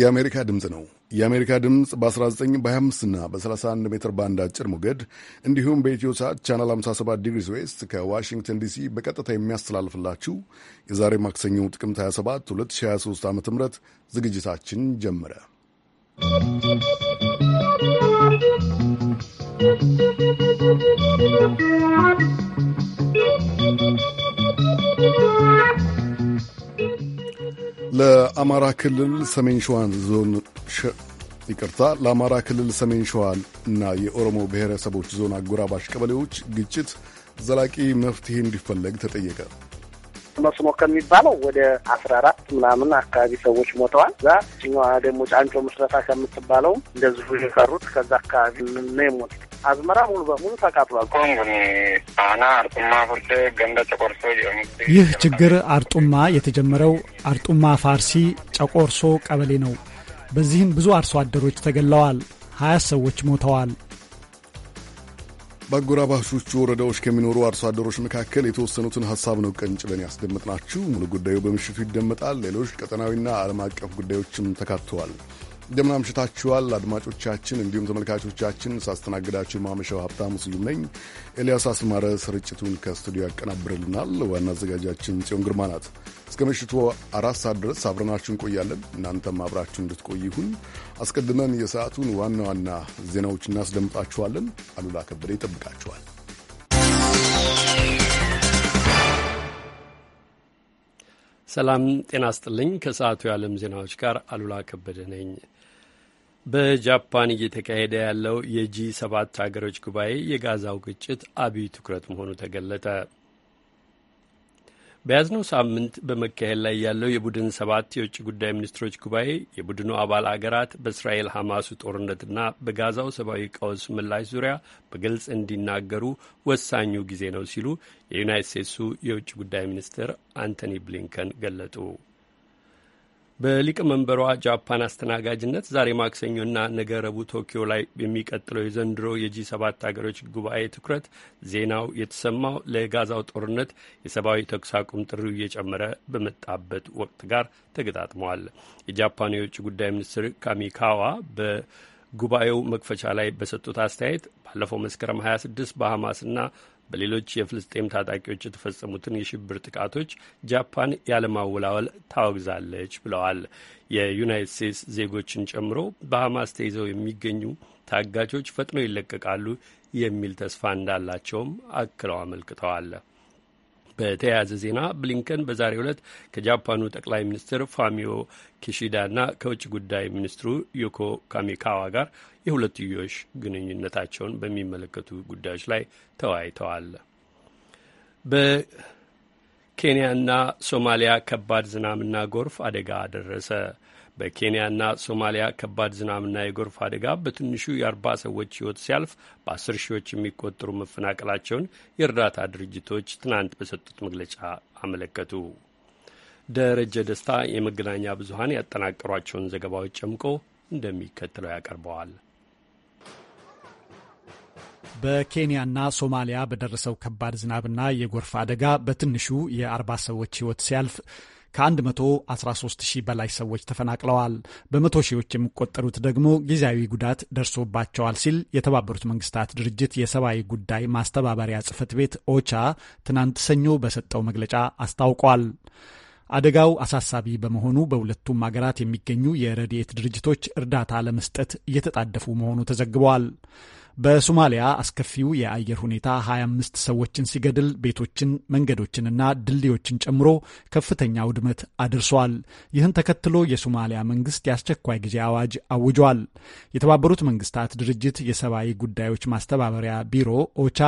የአሜሪካ ድምፅ ነው። የአሜሪካ ድምፅ በ19 25 እና በ31 ሜትር ባንድ አጭር ሞገድ እንዲሁም በኢትዮ ሰዓት ቻናል 57 ዲግሪስ ዌስት ከዋሽንግተን ዲሲ በቀጥታ የሚያስተላልፍላችሁ የዛሬ ማክሰኞ ጥቅምት 27 2023 ዓ ም ዝግጅታችን ጀመረ። ¶¶ ለአማራ ክልል ሰሜን ሸዋን ዞን ይቅርታ፣ ለአማራ ክልል ሰሜን ሸዋ እና የኦሮሞ ብሔረሰቦች ዞን አጎራባሽ ቀበሌዎች ግጭት ዘላቂ መፍትሄ እንዲፈለግ ተጠየቀ። መስኖ ከሚባለው ወደ አስራ አራት ምናምን አካባቢ ሰዎች ሞተዋል። እዛ ኛዋ ደግሞ ጫንጮ ምስረታ ከምትባለው እንደዚሁ የቀሩት ከዛ አካባቢ ነው የሞት አዝመራ ሙሉ በሙሉ ተቃጥሏል። ይህ ችግር አርጡማ የተጀመረው አርጡማ ፋርሲ ጨቆርሶ ቀበሌ ነው። በዚህም ብዙ አርሶ አደሮች ተገለዋል። ሀያ ሰዎች ሞተዋል። በአጎራባሾቹ ወረዳዎች ከሚኖሩ አርሶ አደሮች መካከል የተወሰኑትን ሀሳብ ነው ቀንጭበን ያስደመጥናችሁ። ሙሉ ጉዳዩ በምሽቱ ይደመጣል። ሌሎች ቀጠናዊና ዓለም አቀፍ ጉዳዮችም ተካተዋል። እንደምን አምሽታችኋል አድማጮቻችን፣ እንዲሁም ተመልካቾቻችን። ሳስተናግዳችሁ ማመሻው ሀብታሙ ስዩም ነኝ። ኤልያስ አስማረ ስርጭቱን ከስቱዲዮ ያቀናብርልናል። ዋና አዘጋጃችን ጽዮን ግርማ ናት። እስከ ምሽቱ አራት ሰዓት ድረስ አብረናችሁ እንቆያለን። እናንተም አብራችሁ እንድትቆይ ይሁን። አስቀድመን የሰዓቱን ዋና ዋና ዜናዎች እናስደምጣችኋለን። አሉላ ከበደ ይጠብቃችኋል። ሰላም ጤና ስጥልኝ። ከሰዓቱ የዓለም ዜናዎች ጋር አሉላ ከበደ ነኝ። በጃፓን እየተካሄደ ያለው የጂ ሰባት ሀገሮች ጉባኤ የጋዛው ግጭት አብይ ትኩረት መሆኑ ተገለጠ። በያዝነው ሳምንት በመካሄድ ላይ ያለው የቡድን ሰባት የውጭ ጉዳይ ሚኒስትሮች ጉባኤ የቡድኑ አባል አገራት በእስራኤል ሐማሱ ጦርነትና በጋዛው ሰብአዊ ቀውስ ምላሽ ዙሪያ በግልጽ እንዲናገሩ ወሳኙ ጊዜ ነው ሲሉ የዩናይት ስቴትሱ የውጭ ጉዳይ ሚኒስትር አንቶኒ ብሊንከን ገለጡ። በሊቀመንበሯ ጃፓን አስተናጋጅነት ዛሬ ማክሰኞና ነገ ረቡዕ ቶኪዮ ላይ የሚቀጥለው የዘንድሮ የጂ ሰባት ሀገሮች ጉባኤ ትኩረት ዜናው የተሰማው ለጋዛው ጦርነት የሰብአዊ ተኩስ አቁም ጥሪው እየጨመረ በመጣበት ወቅት ጋር ተገጣጥመዋል። የጃፓኑ የውጭ ጉዳይ ሚኒስትር ካሚካዋ በጉባኤው መክፈቻ ላይ በሰጡት አስተያየት ባለፈው መስከረም 26 በሐማስና በሌሎች የፍልስጤም ታጣቂዎች የተፈጸሙትን የሽብር ጥቃቶች ጃፓን ያለማወላወል ታወግዛለች ብለዋል። የዩናይትድ ስቴትስ ዜጎችን ጨምሮ በሐማስ ተይዘው የሚገኙ ታጋቾች ፈጥኖ ይለቀቃሉ የሚል ተስፋ እንዳላቸውም አክለው አመልክተዋል። በተያያዘ ዜና ብሊንከን በዛሬው ዕለት ከጃፓኑ ጠቅላይ ሚኒስትር ፋሚዮ ኪሺዳና ከውጭ ጉዳይ ሚኒስትሩ ዮኮ ካሚካዋ ጋር የሁለትዮሽ ግንኙነታቸውን በሚመለከቱ ጉዳዮች ላይ ተወያይተዋል። በኬንያና ሶማሊያ ከባድ ዝናብና ጎርፍ አደጋ ደረሰ። በኬንያና ሶማሊያ ከባድ ዝናብና የጎርፍ አደጋ በትንሹ የአርባ ሰዎች ሕይወት ሲያልፍ በአስር ሺዎች የሚቆጠሩ መፈናቀላቸውን የእርዳታ ድርጅቶች ትናንት በሰጡት መግለጫ አመለከቱ። ደረጀ ደስታ የመገናኛ ብዙኃን ያጠናቀሯቸውን ዘገባዎች ጨምቆ እንደሚከተለው ያቀርበዋል። በኬንያና ሶማሊያ በደረሰው ከባድ ዝናብና የጎርፍ አደጋ በትንሹ የአርባ ሰዎች ሕይወት ሲያልፍ ከ113 ሺህ በላይ ሰዎች ተፈናቅለዋል። በመቶ ሺዎች የሚቆጠሩት ደግሞ ጊዜያዊ ጉዳት ደርሶባቸዋል ሲል የተባበሩት መንግስታት ድርጅት የሰብአዊ ጉዳይ ማስተባበሪያ ጽህፈት ቤት ኦቻ ትናንት ሰኞ በሰጠው መግለጫ አስታውቋል። አደጋው አሳሳቢ በመሆኑ በሁለቱም ሀገራት የሚገኙ የረድኤት ድርጅቶች እርዳታ ለመስጠት እየተጣደፉ መሆኑ ተዘግበዋል። በሶማሊያ አስከፊው የአየር ሁኔታ 25 ሰዎችን ሲገድል ቤቶችን፣ መንገዶችንና ድልድዮችን ጨምሮ ከፍተኛ ውድመት አድርሷል። ይህን ተከትሎ የሶማሊያ መንግስት የአስቸኳይ ጊዜ አዋጅ አውጇል። የተባበሩት መንግስታት ድርጅት የሰብአዊ ጉዳዮች ማስተባበሪያ ቢሮ ኦቻ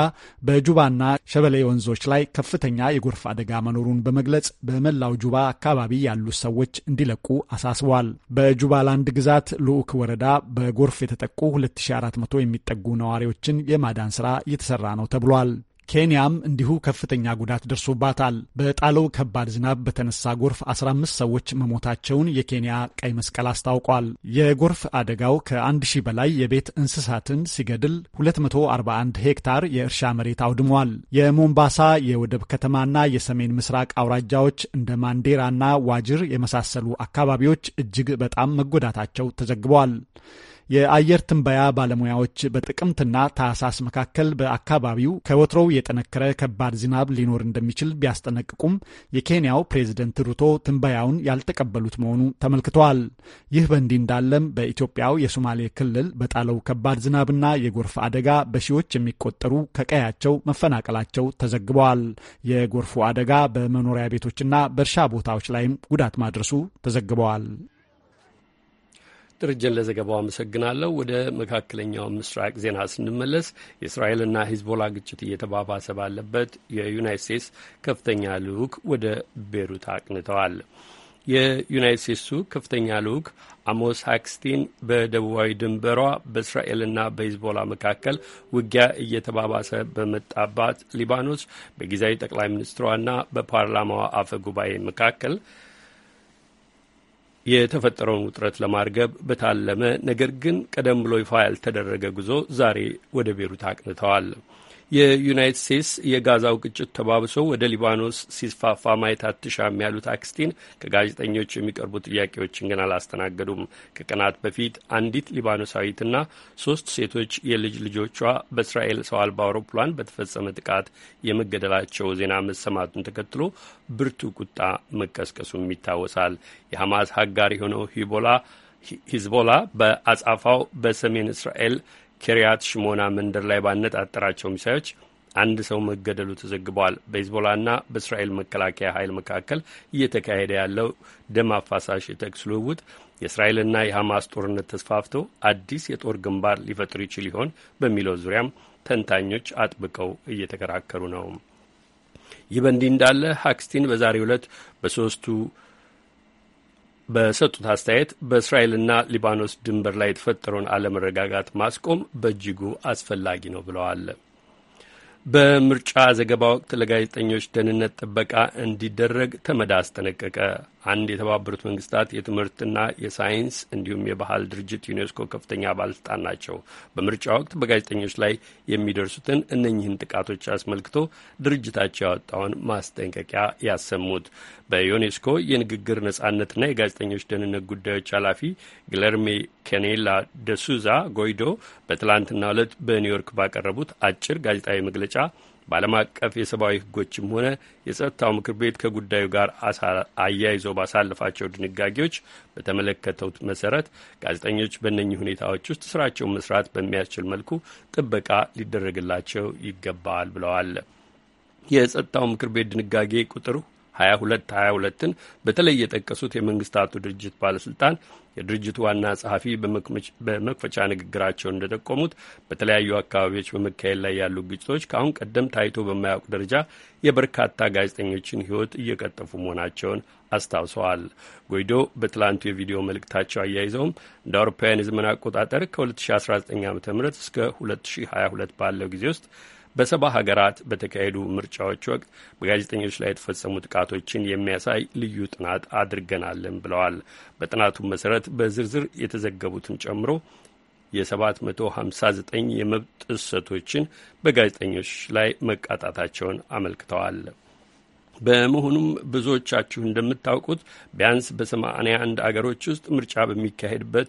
በጁባና ሸበሌ ወንዞች ላይ ከፍተኛ የጎርፍ አደጋ መኖሩን በመግለጽ በመላው ጁባ አካባቢ ያሉት ሰዎች እንዲለቁ አሳስቧል። በጁባላንድ ግዛት ልዑክ ወረዳ በጎርፍ የተጠቁ 2400 የሚጠጉ ነዋሪዎችን የማዳን ሥራ እየተሰራ ነው ተብሏል። ኬንያም እንዲሁ ከፍተኛ ጉዳት ደርሶባታል። በጣለው ከባድ ዝናብ በተነሳ ጎርፍ 15 ሰዎች መሞታቸውን የኬንያ ቀይ መስቀል አስታውቋል። የጎርፍ አደጋው ከ1000 በላይ የቤት እንስሳትን ሲገድል 241 ሄክታር የእርሻ መሬት አውድሟል። የሞምባሳ የወደብ ከተማና የሰሜን ምስራቅ አውራጃዎች እንደ ማንዴራና ዋጅር የመሳሰሉ አካባቢዎች እጅግ በጣም መጎዳታቸው ተዘግበዋል። የአየር ትንበያ ባለሙያዎች በጥቅምትና ታህሳስ መካከል በአካባቢው ከወትሮው የጠነከረ ከባድ ዝናብ ሊኖር እንደሚችል ቢያስጠነቅቁም የኬንያው ፕሬዝደንት ሩቶ ትንበያውን ያልተቀበሉት መሆኑ ተመልክተዋል። ይህ በእንዲህ እንዳለም በኢትዮጵያው የሶማሌ ክልል በጣለው ከባድ ዝናብና የጎርፍ አደጋ በሺዎች የሚቆጠሩ ከቀያቸው መፈናቀላቸው ተዘግበዋል። የጎርፉ አደጋ በመኖሪያ ቤቶችና በእርሻ ቦታዎች ላይም ጉዳት ማድረሱ ተዘግበዋል። ደረጀን ለዘገባው አመሰግናለሁ። ወደ መካከለኛው ምስራቅ ዜና ስንመለስ የእስራኤልና ሂዝቦላ ግጭት እየተባባሰ ባለበት የዩናይት ስቴትስ ከፍተኛ ልዑክ ወደ ቤሩት አቅንተዋል። የዩናይት ስቴትሱ ከፍተኛ ልዑክ አሞስ ሃክስቲን በደቡባዊ ድንበሯ በእስራኤልና በሂዝቦላ መካከል ውጊያ እየተባባሰ በመጣባት ሊባኖስ በጊዜያዊ ጠቅላይ ሚኒስትሯና በፓርላማዋ አፈ ጉባኤ መካከል የተፈጠረውን ውጥረት ለማርገብ በታለመ ነገር ግን ቀደም ብሎ ይፋ ያልተደረገ ጉዞ ዛሬ ወደ ቤሩት አቅንተዋል። የዩናይትድ ስቴትስ የጋዛው ግጭት ተባብሶ ወደ ሊባኖስ ሲስፋፋ ማየት አትሻም ያሉት አክስቲን ከጋዜጠኞች የሚቀርቡ ጥያቄዎችን ግን አላስተናገዱም። ከቀናት በፊት አንዲት ሊባኖሳዊትና ሶስት ሴቶች የልጅ ልጆቿ በእስራኤል ሰው አልባ አውሮፕላን በተፈጸመ ጥቃት የመገደላቸው ዜና መሰማቱን ተከትሎ ብርቱ ቁጣ መቀስቀሱም ይታወሳል። የሐማስ ሀጋር የሆነው ሂዝቦላ በአጻፋው በሰሜን እስራኤል ኬሪያት ሽሞና መንደር ላይ ባነጣጠራቸው ሚሳዮች አንድ ሰው መገደሉ ተዘግበዋል። በሂዝቦላና በእስራኤል መከላከያ ኃይል መካከል እየተካሄደ ያለው ደም አፋሳሽ የተኩስ ልውውጥ የእስራኤልና የሐማስ ጦርነት ተስፋፍቶ አዲስ የጦር ግንባር ሊፈጥር ይችል ይሆን በሚለው ዙሪያም ተንታኞች አጥብቀው እየተከራከሩ ነው። ይህ በእንዲህ እንዳለ ሀክስቲን በዛሬው ዕለት በሶስቱ በሰጡት አስተያየት በእስራኤልና ሊባኖስ ድንበር ላይ የተፈጠረውን አለመረጋጋት ማስቆም በእጅጉ አስፈላጊ ነው ብለዋል። በምርጫ ዘገባ ወቅት ለጋዜጠኞች ደህንነት ጥበቃ እንዲደረግ ተመድ አስጠነቀቀ። አንድ የተባበሩት መንግስታት የትምህርትና የሳይንስ እንዲሁም የባህል ድርጅት ዩኔስኮ ከፍተኛ ባለስልጣን ናቸው። በምርጫ ወቅት በጋዜጠኞች ላይ የሚደርሱትን እነኚህን ጥቃቶች አስመልክቶ ድርጅታቸው ያወጣውን ማስጠንቀቂያ ያሰሙት በዩኔስኮ የንግግር ነጻነትና የጋዜጠኞች ደህንነት ጉዳዮች ኃላፊ ግለርሜ ከኔላ ደሱዛ ጎይዶ በትላንትናው ዕለት በኒውዮርክ ባቀረቡት አጭር ጋዜጣዊ መግለጫ በዓለም አቀፍ የሰብአዊ ህጎችም ሆነ የጸጥታው ምክር ቤት ከጉዳዩ ጋር አያይዞ ባሳለፋቸው ድንጋጌዎች በተመለከተው መሰረት ጋዜጠኞች በእነኚህ ሁኔታዎች ውስጥ ስራቸውን መስራት በሚያስችል መልኩ ጥበቃ ሊደረግላቸው ይገባል ብለዋል። የጸጥታው ምክር ቤት ድንጋጌ ቁጥር 2222ን በተለይ የጠቀሱት የመንግስታቱ ድርጅት ባለስልጣን የድርጅቱ ዋና ጸሐፊ በመክፈቻ ንግግራቸው እንደጠቆሙት በተለያዩ አካባቢዎች በመካሄድ ላይ ያሉ ግጭቶች ከአሁን ቀደም ታይቶ በማያውቅ ደረጃ የበርካታ ጋዜጠኞችን ሕይወት እየቀጠፉ መሆናቸውን አስታውሰዋል። ጎይዶ በትላንቱ የቪዲዮ መልእክታቸው አያይዘውም እንደ አውሮፓውያን የዘመን አቆጣጠር ከ2019 ዓ ም እስከ 2022 ባለው ጊዜ ውስጥ በሰባ ሀገራት በተካሄዱ ምርጫዎች ወቅት በጋዜጠኞች ላይ የተፈጸሙ ጥቃቶችን የሚያሳይ ልዩ ጥናት አድርገናልን ብለዋል። በጥናቱም መሰረት በዝርዝር የተዘገቡትን ጨምሮ የ759 የመብት ጥሰቶችን በጋዜጠኞች ላይ መቃጣታቸውን አመልክተዋል። በመሆኑም ብዙዎቻችሁ እንደምታውቁት ቢያንስ በሰማንያ አንድ አገሮች ውስጥ ምርጫ በሚካሄድበት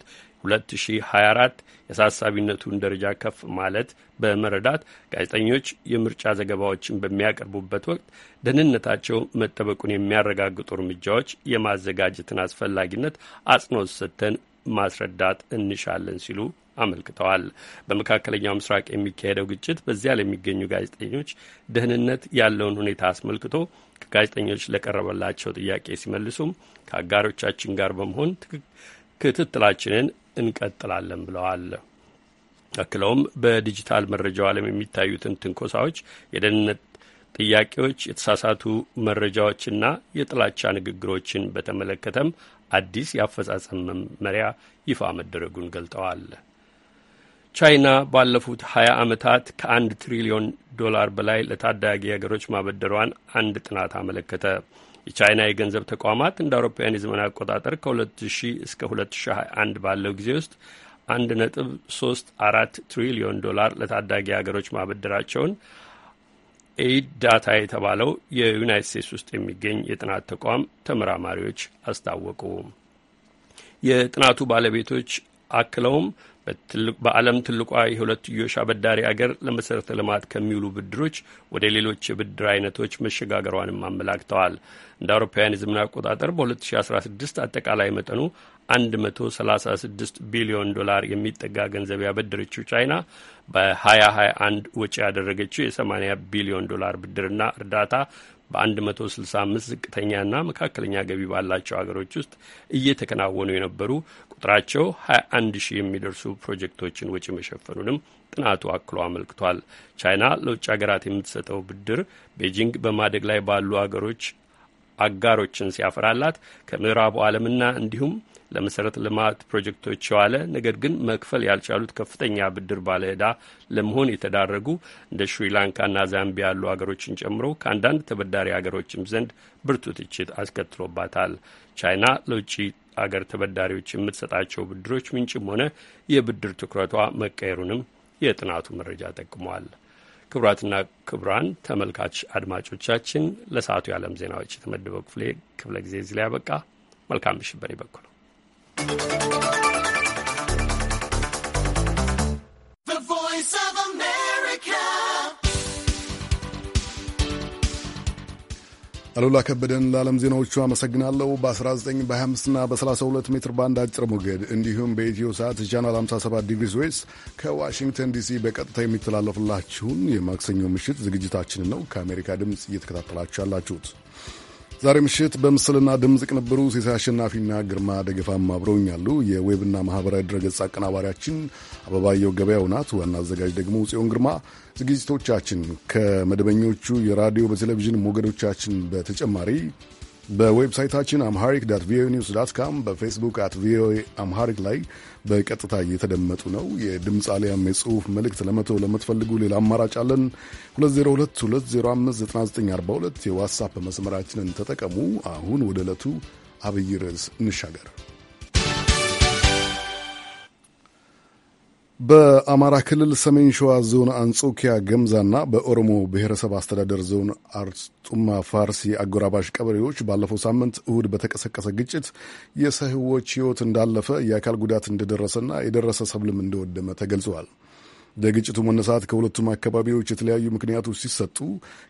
2024 የአሳሳቢነቱን ደረጃ ከፍ ማለት በመረዳት ጋዜጠኞች የምርጫ ዘገባዎችን በሚያቀርቡበት ወቅት ደህንነታቸው መጠበቁን የሚያረጋግጡ እርምጃዎች የማዘጋጀትን አስፈላጊነት አጽንኦት ሰጥተን ማስረዳት እንሻለን ሲሉ አመልክተዋል። በመካከለኛው ምስራቅ የሚካሄደው ግጭት በዚያ ለሚገኙ ጋዜጠኞች ደህንነት ያለውን ሁኔታ አስመልክቶ ከጋዜጠኞች ለቀረበላቸው ጥያቄ ሲመልሱም ከአጋሮቻችን ጋር በመሆን ክትትላችንን እንቀጥላለን ብለዋል። አክለውም በዲጂታል መረጃው ዓለም የሚታዩትን ትንኮሳዎች፣ የደህንነት ጥያቄዎች፣ የተሳሳቱ መረጃዎችና የጥላቻ ንግግሮችን በተመለከተም አዲስ የአፈጻጸም መመሪያ ይፋ መደረጉን ገልጠዋል። ቻይና ባለፉት ሀያ ዓመታት ከአንድ ትሪሊዮን ዶላር በላይ ለታዳጊ ሀገሮች ማበደሯን አንድ ጥናት አመለከተ። የቻይና የገንዘብ ተቋማት እንደ አውሮፓውያን የዘመን አቆጣጠር ከ2000 እስከ 2021 ባለው ጊዜ ውስጥ አራት ትሪሊዮን ዶላር ለታዳጊ ሀገሮች ማበደራቸውን ኤይድ ዳታ የተባለው የዩናይት ስቴትስ ውስጥ የሚገኝ የጥናት ተቋም ተመራማሪዎች አስታወቁ። የጥናቱ ባለቤቶች አክለውም በዓለም ትልቋ የሁለትዮሽ አበዳሪ አገር ለመሠረተ ልማት ከሚውሉ ብድሮች ወደ ሌሎች የብድር አይነቶች መሸጋገሯንም አመላክተዋል። እንደ አውሮፓውያን የዘመን አቆጣጠር በ2016 አጠቃላይ መጠኑ 136 ቢሊዮን ዶላር የሚጠጋ ገንዘብ ያበደረችው ቻይና በ2021 ወጪ ያደረገችው የ80 ቢሊዮን ዶላር ብድርና እርዳታ በ165 ዝቅተኛና መካከለኛ ገቢ ባላቸው ሀገሮች ውስጥ እየተከናወኑ የነበሩ ቁጥራቸው 21 ሺህ የሚደርሱ ፕሮጀክቶችን ወጪ መሸፈኑንም ጥናቱ አክሎ አመልክቷል። ቻይና ለውጭ ሀገራት የምትሰጠው ብድር ቤጂንግ በማደግ ላይ ባሉ አገሮች አጋሮችን ሲያፈራላት ከምዕራቡ ዓለምና እንዲሁም ለመሰረተ ልማት ፕሮጀክቶች የዋለ ነገር ግን መክፈል ያልቻሉት ከፍተኛ ብድር ባለዕዳ ለመሆን የተዳረጉ እንደ ሽሪላንካና ዛምቢያ ያሉ ሀገሮችን ጨምሮ ከአንዳንድ ተበዳሪ አገሮችም ዘንድ ብርቱ ትችት አስከትሎባታል። ቻይና ለውጭ አገር ተበዳሪዎች የምትሰጣቸው ብድሮች ምንጭም ሆነ የብድር ትኩረቷ መቀየሩንም የጥናቱ መረጃ ጠቅሟል። ክቡራትና ክቡራን ተመልካች አድማጮቻችን ለሰዓቱ የዓለም ዜናዎች የተመደበው ክፍለ ጊዜ እዚህ ላይ ያበቃ። መልካም ምሽት በኔ በኩል አሉላ ከበደን ለዓለም ዜናዎቹ አመሰግናለሁ። በ19 በ25ና በ32 ሜትር ባንድ አጭር ሞገድ እንዲሁም በኢትዮ ሰዓት ቻናል 57 ዲግሪ ዌስ ከዋሽንግተን ዲሲ በቀጥታ የሚተላለፍላችሁን የማክሰኞ ምሽት ዝግጅታችንን ነው ከአሜሪካ ድምፅ እየተከታተላችሁ ያላችሁት። ዛሬ ምሽት በምስልና ድምፅ ቅንብሩ ሲሳይ አሸናፊና ግርማ ደገፋም አብረውኛሉ። የዌብና ማህበራዊ ድረገጽ አቀናባሪያችን አበባየው ገበያው ናት። ዋና አዘጋጅ ደግሞ ጽዮን ግርማ። ዝግጅቶቻችን ከመደበኞቹ የራዲዮ በቴሌቪዥን ሞገዶቻችን በተጨማሪ በዌብሳይታችን አምሃሪክ ዳት ቪኦኤ ኒውስ ዳት ካም፣ በፌስቡክ አት ቪኦኤ አምሃሪክ ላይ በቀጥታ እየተደመጡ ነው። የድምፅ አሊያም የጽሁፍ መልእክት ለመተው ለምትፈልጉ ሌላ አማራጭ አለን። 2022059942 የዋትሳፕ መስመራችንን ተጠቀሙ። አሁን ወደ ዕለቱ አብይ ርዕስ እንሻገር። በአማራ ክልል ሰሜን ሸዋ ዞን አንጾኪያ ገምዛና በኦሮሞ ብሔረሰብ አስተዳደር ዞን አርጡማ ፋርሲ አጎራባሽ ቀበሌዎች ባለፈው ሳምንት እሁድ በተቀሰቀሰ ግጭት የሰዎች ሕይወት እንዳለፈ የአካል ጉዳት እንደደረሰና የደረሰ ሰብልም እንደወደመ ተገልጸዋል። ለግጭቱ መነሳት ከሁለቱም አካባቢዎች የተለያዩ ምክንያቶች ሲሰጡ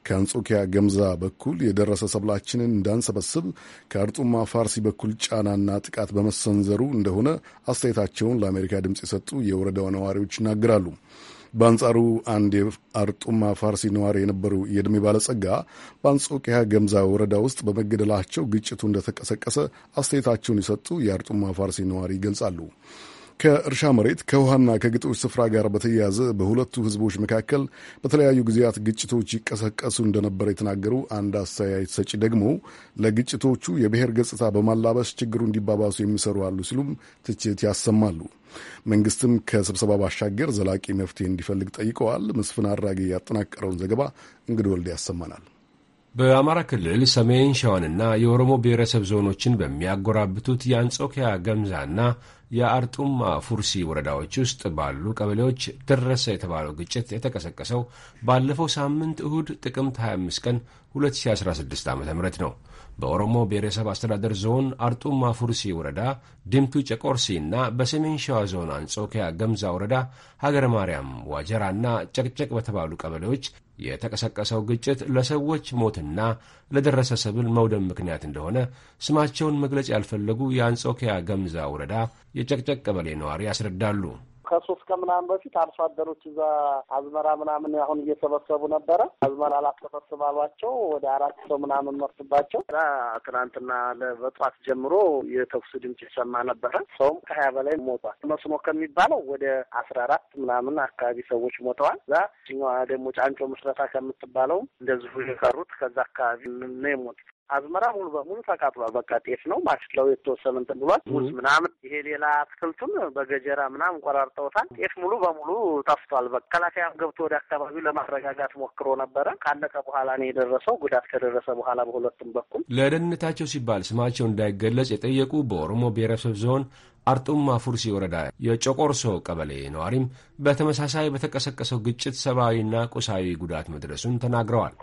ከአንጾኪያ ገምዛ በኩል የደረሰ ሰብላችንን እንዳንሰበስብ ከአርጡማ ፋርሲ በኩል ጫናና ጥቃት በመሰንዘሩ እንደሆነ አስተያየታቸውን ለአሜሪካ ድምፅ የሰጡ የወረዳው ነዋሪዎች ይናገራሉ። በአንጻሩ አንድ የአርጡማ ፋርሲ ነዋሪ የነበሩ የዕድሜ ባለጸጋ በአንጾኪያ ገምዛ ወረዳ ውስጥ በመገደላቸው ግጭቱ እንደተቀሰቀሰ አስተያየታቸውን የሰጡ የአርጡማ ፋርሲ ነዋሪ ይገልጻሉ። ከእርሻ መሬት ከውሃና ከግጦሽ ስፍራ ጋር በተያያዘ በሁለቱ ህዝቦች መካከል በተለያዩ ጊዜያት ግጭቶች ይቀሰቀሱ እንደነበረ የተናገሩ አንድ አስተያየት ሰጪ ደግሞ ለግጭቶቹ የብሔር ገጽታ በማላበስ ችግሩ እንዲባባሱ የሚሰሩ አሉ ሲሉም ትችት ያሰማሉ። መንግስትም ከስብሰባ ባሻገር ዘላቂ መፍትሄ እንዲፈልግ ጠይቀዋል። መስፍን አድራጌ ያጠናቀረውን ዘገባ እንግድ ወልድ ያሰማናል። በአማራ ክልል ሰሜን ሸዋንና የኦሮሞ ብሔረሰብ ዞኖችን በሚያጎራብቱት የአንጾኪያ ገምዛና የአርጡማ ፉርሲ ወረዳዎች ውስጥ ባሉ ቀበሌዎች ደረሰ የተባለው ግጭት የተቀሰቀሰው ባለፈው ሳምንት እሁድ ጥቅምት 25 ቀን 2016 ዓ ም ነው። በኦሮሞ ብሔረሰብ አስተዳደር ዞን አርጡማ ፉርሲ ወረዳ ድምቱ ጨቆርሲ እና በሰሜን ሸዋ ዞን አንጾኪያ ገምዛ ወረዳ ሀገረ ማርያም ዋጀራ እና ጨቅጨቅ በተባሉ ቀበሌዎች የተቀሰቀሰው ግጭት ለሰዎች ሞትና ለደረሰ ሰብል መውደም ምክንያት እንደሆነ ስማቸውን መግለጽ ያልፈለጉ የአንጾኪያ ገምዛ ወረዳ የጨቅጨቅ ቀበሌ ነዋሪ ያስረዳሉ። ከሶስት ቀን ምናምን በፊት አርሶ አደሮች እዛ አዝመራ ምናምን አሁን እየሰበሰቡ ነበረ። አዝመራ ላሰበስባሏቸው ወደ አራት ሰው ምናምን መርሱባቸው ትናንትና ለበጧት ጀምሮ የተኩሱ ድምጽ ይሰማ ነበረ። ሰውም ከሀያ በላይ ሞቷል። መስኖ ከሚባለው ወደ አስራ አራት ምናምን አካባቢ ሰዎች ሞተዋል። እዛ ደግሞ ጫንጮ ምስረታ ከምትባለው እንደዚሁ የቀሩት ከዛ አካባቢ ነው የሞቱት። አዝመራ ሙሉ በሙሉ ተቃጥሏል። በቃ ጤፍ ነው ማሽላው የተወሰነ እንትን ብሏል። ሙዝ ምናምን ይሄ ሌላ አትክልቱን በገጀራ ምናምን ቆራርጠውታል። ጤፍ ሙሉ በሙሉ ጠፍቷል። በቃ መከላከያም ገብቶ ወደ አካባቢው ለማረጋጋት ሞክሮ ነበረ። ካለቀ በኋላ ነው የደረሰው ጉዳት ከደረሰ በኋላ በሁለቱም በኩል ለደህንነታቸው ሲባል ስማቸው እንዳይገለጽ የጠየቁ በኦሮሞ ብሔረሰብ ዞን አርጡማ ፉርሲ ወረዳ የጨቆርሶ ቀበሌ ነዋሪም በተመሳሳይ በተቀሰቀሰው ግጭት ሰብአዊና ቁሳዊ ጉዳት መድረሱን ተናግረዋል።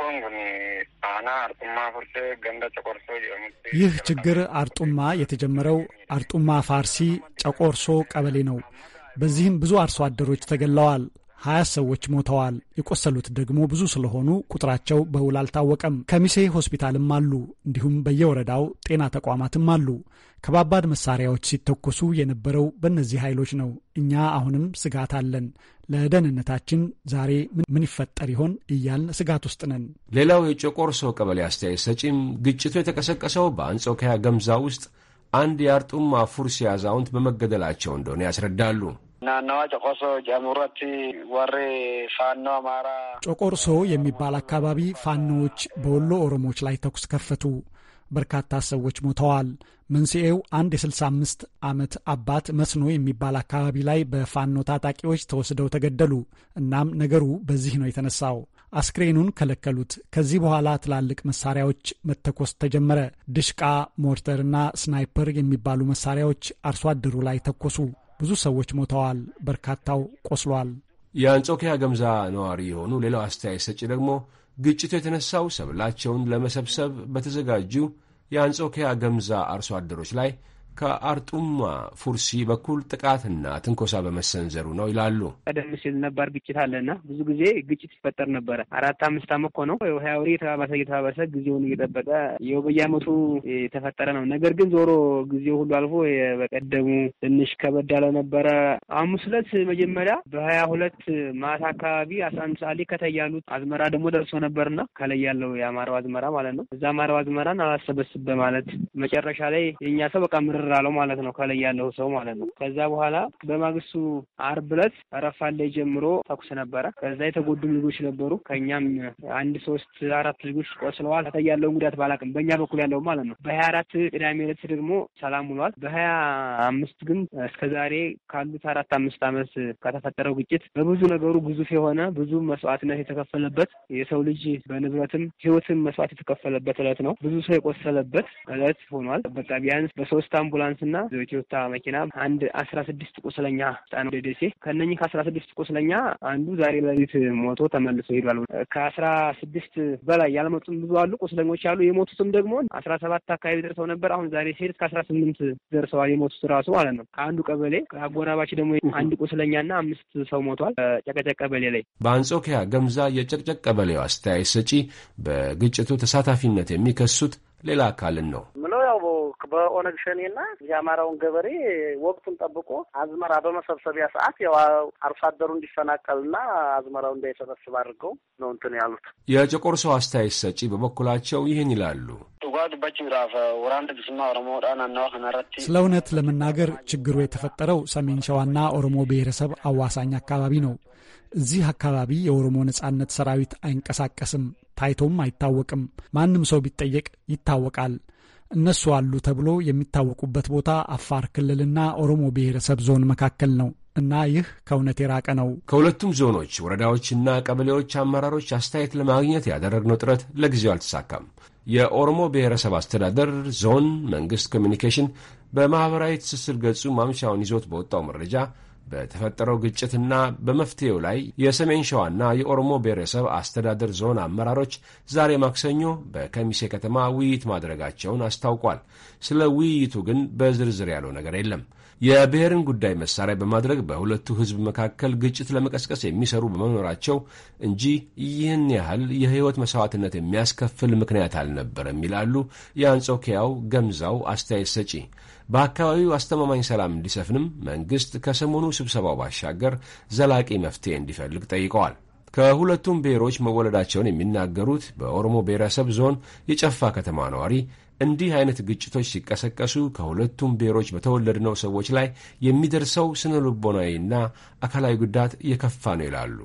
ይህ ችግር አርጡማ የተጀመረው አርጡማ ፋርሲ ጨቆርሶ ቀበሌ ነው። በዚህም ብዙ አርሶ አደሮች ተገለዋል። ሀያ ሰዎች ሞተዋል። የቆሰሉት ደግሞ ብዙ ስለሆኑ ቁጥራቸው በውል አልታወቀም። ከሚሴ ሆስፒታልም አሉ። እንዲሁም በየወረዳው ጤና ተቋማትም አሉ። ከባባድ መሳሪያዎች ሲተኮሱ የነበረው በእነዚህ ኃይሎች ነው። እኛ አሁንም ስጋት አለን። ለደህንነታችን ዛሬ ምን ይፈጠር ይሆን እያልን ስጋት ውስጥ ነን። ሌላው የጨቆርሶ ቀበሌ አስተያየት ሰጪም ግጭቱ የተቀሰቀሰው በአንጾኪያ ገምዛ ውስጥ አንድ የአርጡማ ፉርሲ አዛውንት በመገደላቸው እንደሆነ ያስረዳሉ። ናናዋ ጨቆሶ ጀምረት ወሬ ፋኖ አማራ ጨቆርሶ የሚባል አካባቢ ፋኖዎች በወሎ ኦሮሞዎች ላይ ተኩስ ከፈቱ። በርካታ ሰዎች ሞተዋል። መንስኤው አንድ የ65 ዓመት አባት መስኖ የሚባል አካባቢ ላይ በፋኖ ታጣቂዎች ተወስደው ተገደሉ። እናም ነገሩ በዚህ ነው የተነሳው። አስክሬኑን ከለከሉት። ከዚህ በኋላ ትላልቅ መሳሪያዎች መተኮስ ተጀመረ። ድሽቃ፣ ሞርተርና ስናይፐር የሚባሉ መሳሪያዎች አርሶ አደሩ ላይ ተኮሱ። ብዙ ሰዎች ሞተዋል፣ በርካታው ቆስሏል። የአንጾኪያ ገምዛ ነዋሪ የሆኑ ሌላው አስተያየት ሰጪ ደግሞ ግጭቱ የተነሳው ሰብላቸውን ለመሰብሰብ በተዘጋጁ የአንጾኪያ ገምዛ አርሶ አደሮች ላይ ከአርጡማ ፉርሲ በኩል ጥቃትና ትንኮሳ በመሰንዘሩ ነው ይላሉ። ቀደም ሲል ነባር ግጭት አለና ብዙ ጊዜ ግጭት ይፈጠር ነበረ። አራት አምስት አመት ሆነው ሀያውሪ የተባባሰ እየተባባሰ ጊዜውን እየጠበቀ የው በየዓመቱ የተፈጠረ ነው። ነገር ግን ዞሮ ጊዜው ሁሉ አልፎ በቀደሙ ትንሽ ከበድ ያለ ነበረ። ሐሙስ ዕለት መጀመሪያ በሀያ ሁለት ማታ አካባቢ አስራ አንድ ሰዓት ከተይ ያሉት አዝመራ ደግሞ ደርሶ ነበርና ከላይ ያለው የአማራው አዝመራ ማለት ነው። እዛ አማራው አዝመራን አላሰበስብ በማለት መጨረሻ ላይ የእኛ ሰው በቃ ምር አለው ማለት ነው፣ ከላይ ያለው ሰው ማለት ነው። ከዛ በኋላ በማግስቱ አርብ ዕለት ረፋድ ላይ ጀምሮ ተኩስ ነበረ። ከዛ የተጎዱም ልጆች ነበሩ። ከእኛም አንድ ሶስት አራት ልጆች ቆስለዋል። ከታይ ያለውን ጉዳት ባላቅም በእኛ በኩል ያለው ማለት ነው። በሀያ አራት ቅዳሜ ዕለት ደግሞ ሰላም ውሏል። በሀያ አምስት ግን እስከዛሬ ካሉት አራት አምስት ዓመት ከተፈጠረው ግጭት በብዙ ነገሩ ግዙፍ የሆነ ብዙ መስዋዕትነት የተከፈለበት የሰው ልጅ በንብረትም ህይወትም መስዋዕት የተከፈለበት ዕለት ነው። ብዙ ሰው የቆሰለበት ዕለት ሆኗል። በቃ ቢያንስ በሶስት አምቡላንስ እና ቶዮታ መኪና አንድ አስራ ስድስት ቁስለኛ ጣን ወደ ደሴ ከነኚህ ከአስራ ስድስት ቁስለኛ አንዱ ዛሬ ለሊት ሞቶ ተመልሶ ሄዷል። ከአስራ ስድስት በላይ ያልመጡም ብዙ አሉ፣ ቁስለኞች አሉ። የሞቱትም ደግሞ አስራ ሰባት አካባቢ ደርሰው ነበር። አሁን ዛሬ ሲሄድ እስከ አስራ ስምንት ደርሰዋል የሞቱት ራሱ ማለት ነው። ከአንዱ ቀበሌ ከአጎራባች ደግሞ አንድ ቁስለኛና አምስት ሰው ሞቷል። ጨቀጨቅ ቀበሌ ላይ በአንጾኪያ ገምዛ የጨቅጨቅ ቀበሌው አስተያየት ሰጪ በግጭቱ ተሳታፊነት የሚከሱት ሌላ አካልን ነው ምለው ያው በኦነግ ሸኔና የአማራውን ገበሬ ወቅቱን ጠብቆ አዝመራ በመሰብሰቢያ ሰዓት ያው አርሶ አደሩ እንዲፈናቀልና አዝመራው እንዳይሰበስብ አድርገው ነው እንትን ያሉት። ሰው አስተያየት ሰጪ በበኩላቸው ይህን ይላሉ። ስለ እውነት ለመናገር ችግሩ የተፈጠረው ሰሜን ሸዋና ኦሮሞ ብሔረሰብ አዋሳኝ አካባቢ ነው። እዚህ አካባቢ የኦሮሞ ነጻነት ሰራዊት አይንቀሳቀስም፣ ታይቶም አይታወቅም። ማንም ሰው ቢጠየቅ ይታወቃል። እነሱ አሉ ተብሎ የሚታወቁበት ቦታ አፋር ክልልና ኦሮሞ ብሔረሰብ ዞን መካከል ነው እና ይህ ከእውነት የራቀ ነው። ከሁለቱም ዞኖች ወረዳዎችና ቀበሌዎች አመራሮች አስተያየት ለማግኘት ያደረግነው ጥረት ለጊዜው አልተሳካም። የኦሮሞ ብሔረሰብ አስተዳደር ዞን መንግስት ኮሚኒኬሽን በማኅበራዊ ትስስር ገጹ ማምሻውን ይዞት በወጣው መረጃ በተፈጠረው ግጭትና በመፍትሄው ላይ የሰሜን ሸዋና የኦሮሞ ብሔረሰብ አስተዳደር ዞን አመራሮች ዛሬ ማክሰኞ በከሚሴ ከተማ ውይይት ማድረጋቸውን አስታውቋል። ስለ ውይይቱ ግን በዝርዝር ያለው ነገር የለም። የብሔርን ጉዳይ መሳሪያ በማድረግ በሁለቱ ህዝብ መካከል ግጭት ለመቀስቀስ የሚሰሩ በመኖራቸው እንጂ ይህን ያህል የህይወት መስዋዕትነት የሚያስከፍል ምክንያት አልነበረም ይላሉ የአንጾኪያው ገምዛው አስተያየት ሰጪ። በአካባቢው አስተማማኝ ሰላም እንዲሰፍንም መንግሥት ከሰሞኑ ስብሰባው ባሻገር ዘላቂ መፍትሄ እንዲፈልግ ጠይቀዋል። ከሁለቱም ብሔሮች መወለዳቸውን የሚናገሩት በኦሮሞ ብሔረሰብ ዞን የጨፋ ከተማ ነዋሪ እንዲህ አይነት ግጭቶች ሲቀሰቀሱ ከሁለቱም ብሔሮች በተወለድነው ሰዎች ላይ የሚደርሰው ስነ ልቦናዊና አካላዊ ጉዳት የከፋ ነው ይላሉ።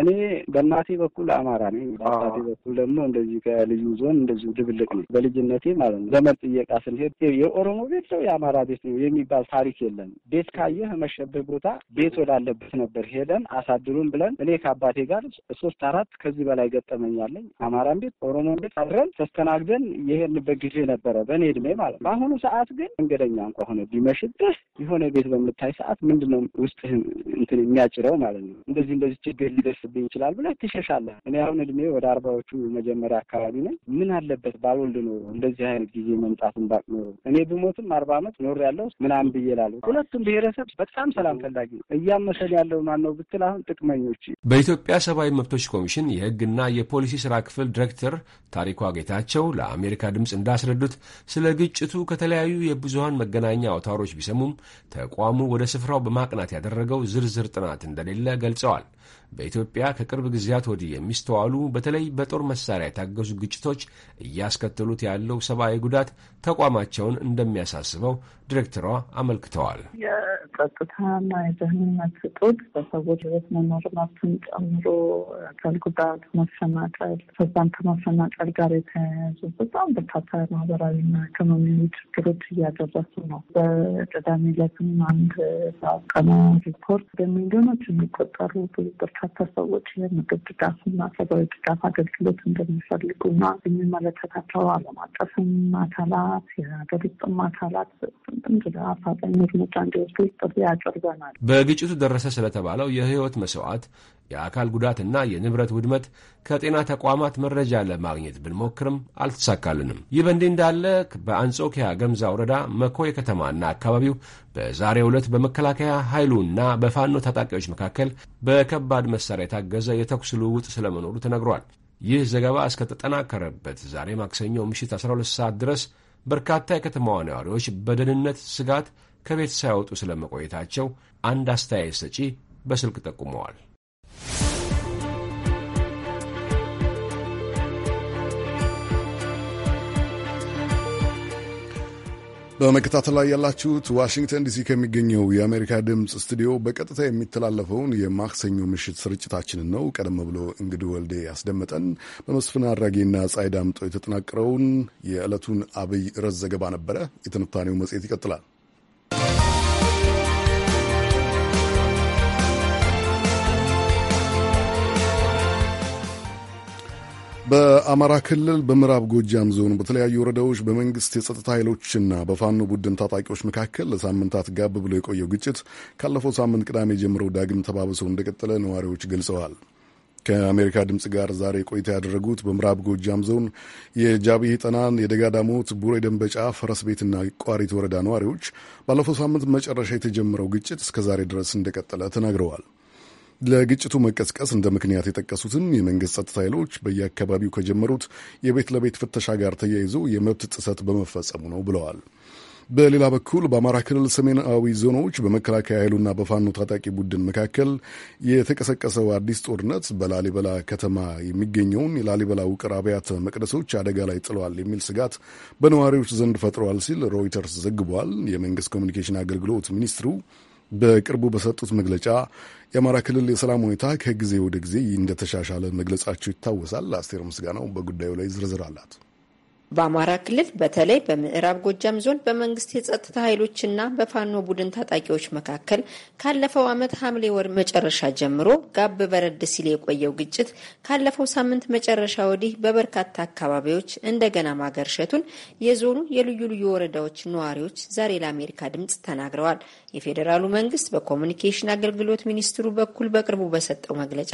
እኔ በእናቴ በኩል አማራ ነኝ፣ በአባቴ በኩል ደግሞ እንደዚህ ከልዩ ዞን እንደዚሁ ድብልቅ ነው። በልጅነቴ ማለት ነው ዘመድ ጥየቃ ስንሄድ የኦሮሞ ቤት ነው የአማራ ቤት ነው የሚባል ታሪክ የለም። ቤት ካየህ መሸብህ ቦታ ቤት ወዳለበት ነበር ሄደን አሳድሩን ብለን እኔ ከአባቴ ጋር ሶስት አራት ከዚህ በላይ ገጠመኛለኝ። አማራን ቤት ኦሮሞን ቤት አድረን ተስተናግደን የሄድንበት ጊዜ ነበረ፣ በእኔ እድሜ ማለት ነው። በአሁኑ ሰዓት ግን መንገደኛ እንኳ ሆነ ቢመሽብህ የሆነ ቤት በምታይ ሰዓት ምንድነው ውስጥህ እንትን የሚያጭረው ማለት ነው እንደዚህ እንደዚህ ችግር ሊደርስብኝ ይችላል ብለ ትሸሻለ። እኔ አሁን እድሜ ወደ አርባዎቹ መጀመሪያ አካባቢ ነኝ። ምን አለበት ባልወልድ ኖሮ እንደዚህ አይነት ጊዜ መምጣቱን ባቅ ኖሮ እኔ ብሞትም አርባ ዓመት ኖር ያለው ምናምን ብዬ እላለሁ። ሁለቱም ብሔረሰብ በጣም ሰላም ፈላጊ ነው። እያመሰል ያለው ማን ነው ብትል አሁን ጥቅመኞች። በኢትዮጵያ ሰብአዊ መብቶች ኮሚሽን የህግና የፖሊሲ ስራ ክፍል ዲሬክተር ታሪኩ ጌታቸው ለአሜሪካ ድምፅ እንዳስረዱት ስለ ግጭቱ ከተለያዩ የብዙሀን መገናኛ አውታሮች ቢሰሙም ተቋሙ ወደ ስፍራው በማቅናት ያደረገው ዝርዝር ጥናት እንደሌለ ገልጸዋል። በኢትዮጵያ ከቅርብ ጊዜያት ወዲህ የሚስተዋሉ በተለይ በጦር መሳሪያ የታገዙ ግጭቶች እያስከተሉት ያለው ሰብአዊ ጉዳት ተቋማቸውን እንደሚያሳስበው ዲሬክተሯ አመልክተዋል። የጸጥታና የደህንነት እጦት በሰዎች ህይወት መኖር መብትን ጨምሮ አካል ጉዳት፣ መፈናቀል ከዛም ከመፈናቀል ጋር የተያያዙ በጣም በርካታ ማህበራዊና ኢኮኖሚያዊ ችግሮች እያደረሱ ነው። በቅዳሜ ዕለትም አንድ ባቀና ሪፖርት በሚሊዮኖች የሚቆጠሩ ቁጥጥር በርካታ ሰዎች የምግብ ድጋፍና ሰብአዊ ድጋፍ አገልግሎት እንደሚፈልጉና የሚመለከታቸው ዓለም አቀፍም አካላት የሀገር ውስጥም አካላት ድጋፍ አፋጣኝ እርምጃ እንዲወስዱ ጥሪ አቅርበናል። በግጭቱ ደረሰ ስለተባለው የህይወት መስዋዕት የአካል ጉዳትና የንብረት ውድመት ከጤና ተቋማት መረጃ ለማግኘት ብንሞክርም አልተሳካልንም። ይህ በእንዲህ እንዳለ በአንጾኪያ ገምዛ ወረዳ መኮይ ከተማና አካባቢው በዛሬ ዕለት በመከላከያ ኃይሉና በፋኖ ታጣቂዎች መካከል በከባድ መሳሪያ የታገዘ የተኩስ ልውውጥ ስለመኖሩ ተነግሯል። ይህ ዘገባ እስከተጠናከረበት ዛሬ ማክሰኞ ምሽት 12 ሰዓት ድረስ በርካታ የከተማዋ ነዋሪዎች በደህንነት ስጋት ከቤት ሳይወጡ ስለመቆየታቸው አንድ አስተያየት ሰጪ በስልክ ጠቁመዋል። በመከታተል ላይ ያላችሁት ዋሽንግተን ዲሲ ከሚገኘው የአሜሪካ ድምፅ ስቱዲዮ በቀጥታ የሚተላለፈውን የማክሰኞ ምሽት ስርጭታችንን ነው። ቀደም ብሎ እንግዲህ ወልዴ ያስደመጠን በመስፍን አድራጌና ፀሐይ ዳምጦ የተጠናቀረውን የዕለቱን አብይ ርዕስ ዘገባ ነበረ። የትንታኔው መጽሔት ይቀጥላል። በአማራ ክልል በምዕራብ ጎጃም ዞን በተለያዩ ወረዳዎች በመንግስት የጸጥታ ኃይሎችና በፋኖ ቡድን ታጣቂዎች መካከል ለሳምንታት ጋብ ብሎ የቆየው ግጭት ካለፈው ሳምንት ቅዳሜ ጀምሮ ዳግም ተባብሶ እንደቀጠለ ነዋሪዎች ገልጸዋል። ከአሜሪካ ድምፅ ጋር ዛሬ ቆይታ ያደረጉት በምዕራብ ጎጃም ዞን የጃቢ ጠናን፣ የደጋዳሞት፣ ቡሬ ደንበጫ፣ ፈረስ ቤትና ቋሪት ወረዳ ነዋሪዎች ባለፈው ሳምንት መጨረሻ የተጀመረው ግጭት እስከ ዛሬ ድረስ እንደቀጠለ ተናግረዋል። ለግጭቱ መቀስቀስ እንደ ምክንያት የጠቀሱትን የመንግስት ጸጥታ ኃይሎች በየአካባቢው ከጀመሩት የቤት ለቤት ፍተሻ ጋር ተያይዞ የመብት ጥሰት በመፈጸሙ ነው ብለዋል። በሌላ በኩል በአማራ ክልል ሰሜናዊ ዞኖች በመከላከያ ኃይሉና በፋኖ ታጣቂ ቡድን መካከል የተቀሰቀሰው አዲስ ጦርነት በላሊበላ ከተማ የሚገኘውን የላሊበላ ውቅር አብያተ መቅደሶች አደጋ ላይ ጥለዋል የሚል ስጋት በነዋሪዎች ዘንድ ፈጥረዋል ሲል ሮይተርስ ዘግቧል። የመንግስት ኮሚኒኬሽን አገልግሎት ሚኒስትሩ በቅርቡ በሰጡት መግለጫ የአማራ ክልል የሰላም ሁኔታ ከጊዜ ወደ ጊዜ እንደተሻሻለ መግለጻቸው ይታወሳል። አስቴር ምስጋናው በጉዳዩ ላይ ዝርዝር አላት። በአማራ ክልል በተለይ በምዕራብ ጎጃም ዞን በመንግስት የጸጥታ ኃይሎችና በፋኖ ቡድን ታጣቂዎች መካከል ካለፈው ዓመት ሐምሌ ወር መጨረሻ ጀምሮ ጋብ በረድ ሲል የቆየው ግጭት ካለፈው ሳምንት መጨረሻ ወዲህ በበርካታ አካባቢዎች እንደገና ማገርሸቱን የዞኑ የልዩ ልዩ ወረዳዎች ነዋሪዎች ዛሬ ለአሜሪካ ድምጽ ተናግረዋል። የፌዴራሉ መንግስት በኮሚኒኬሽን አገልግሎት ሚኒስትሩ በኩል በቅርቡ በሰጠው መግለጫ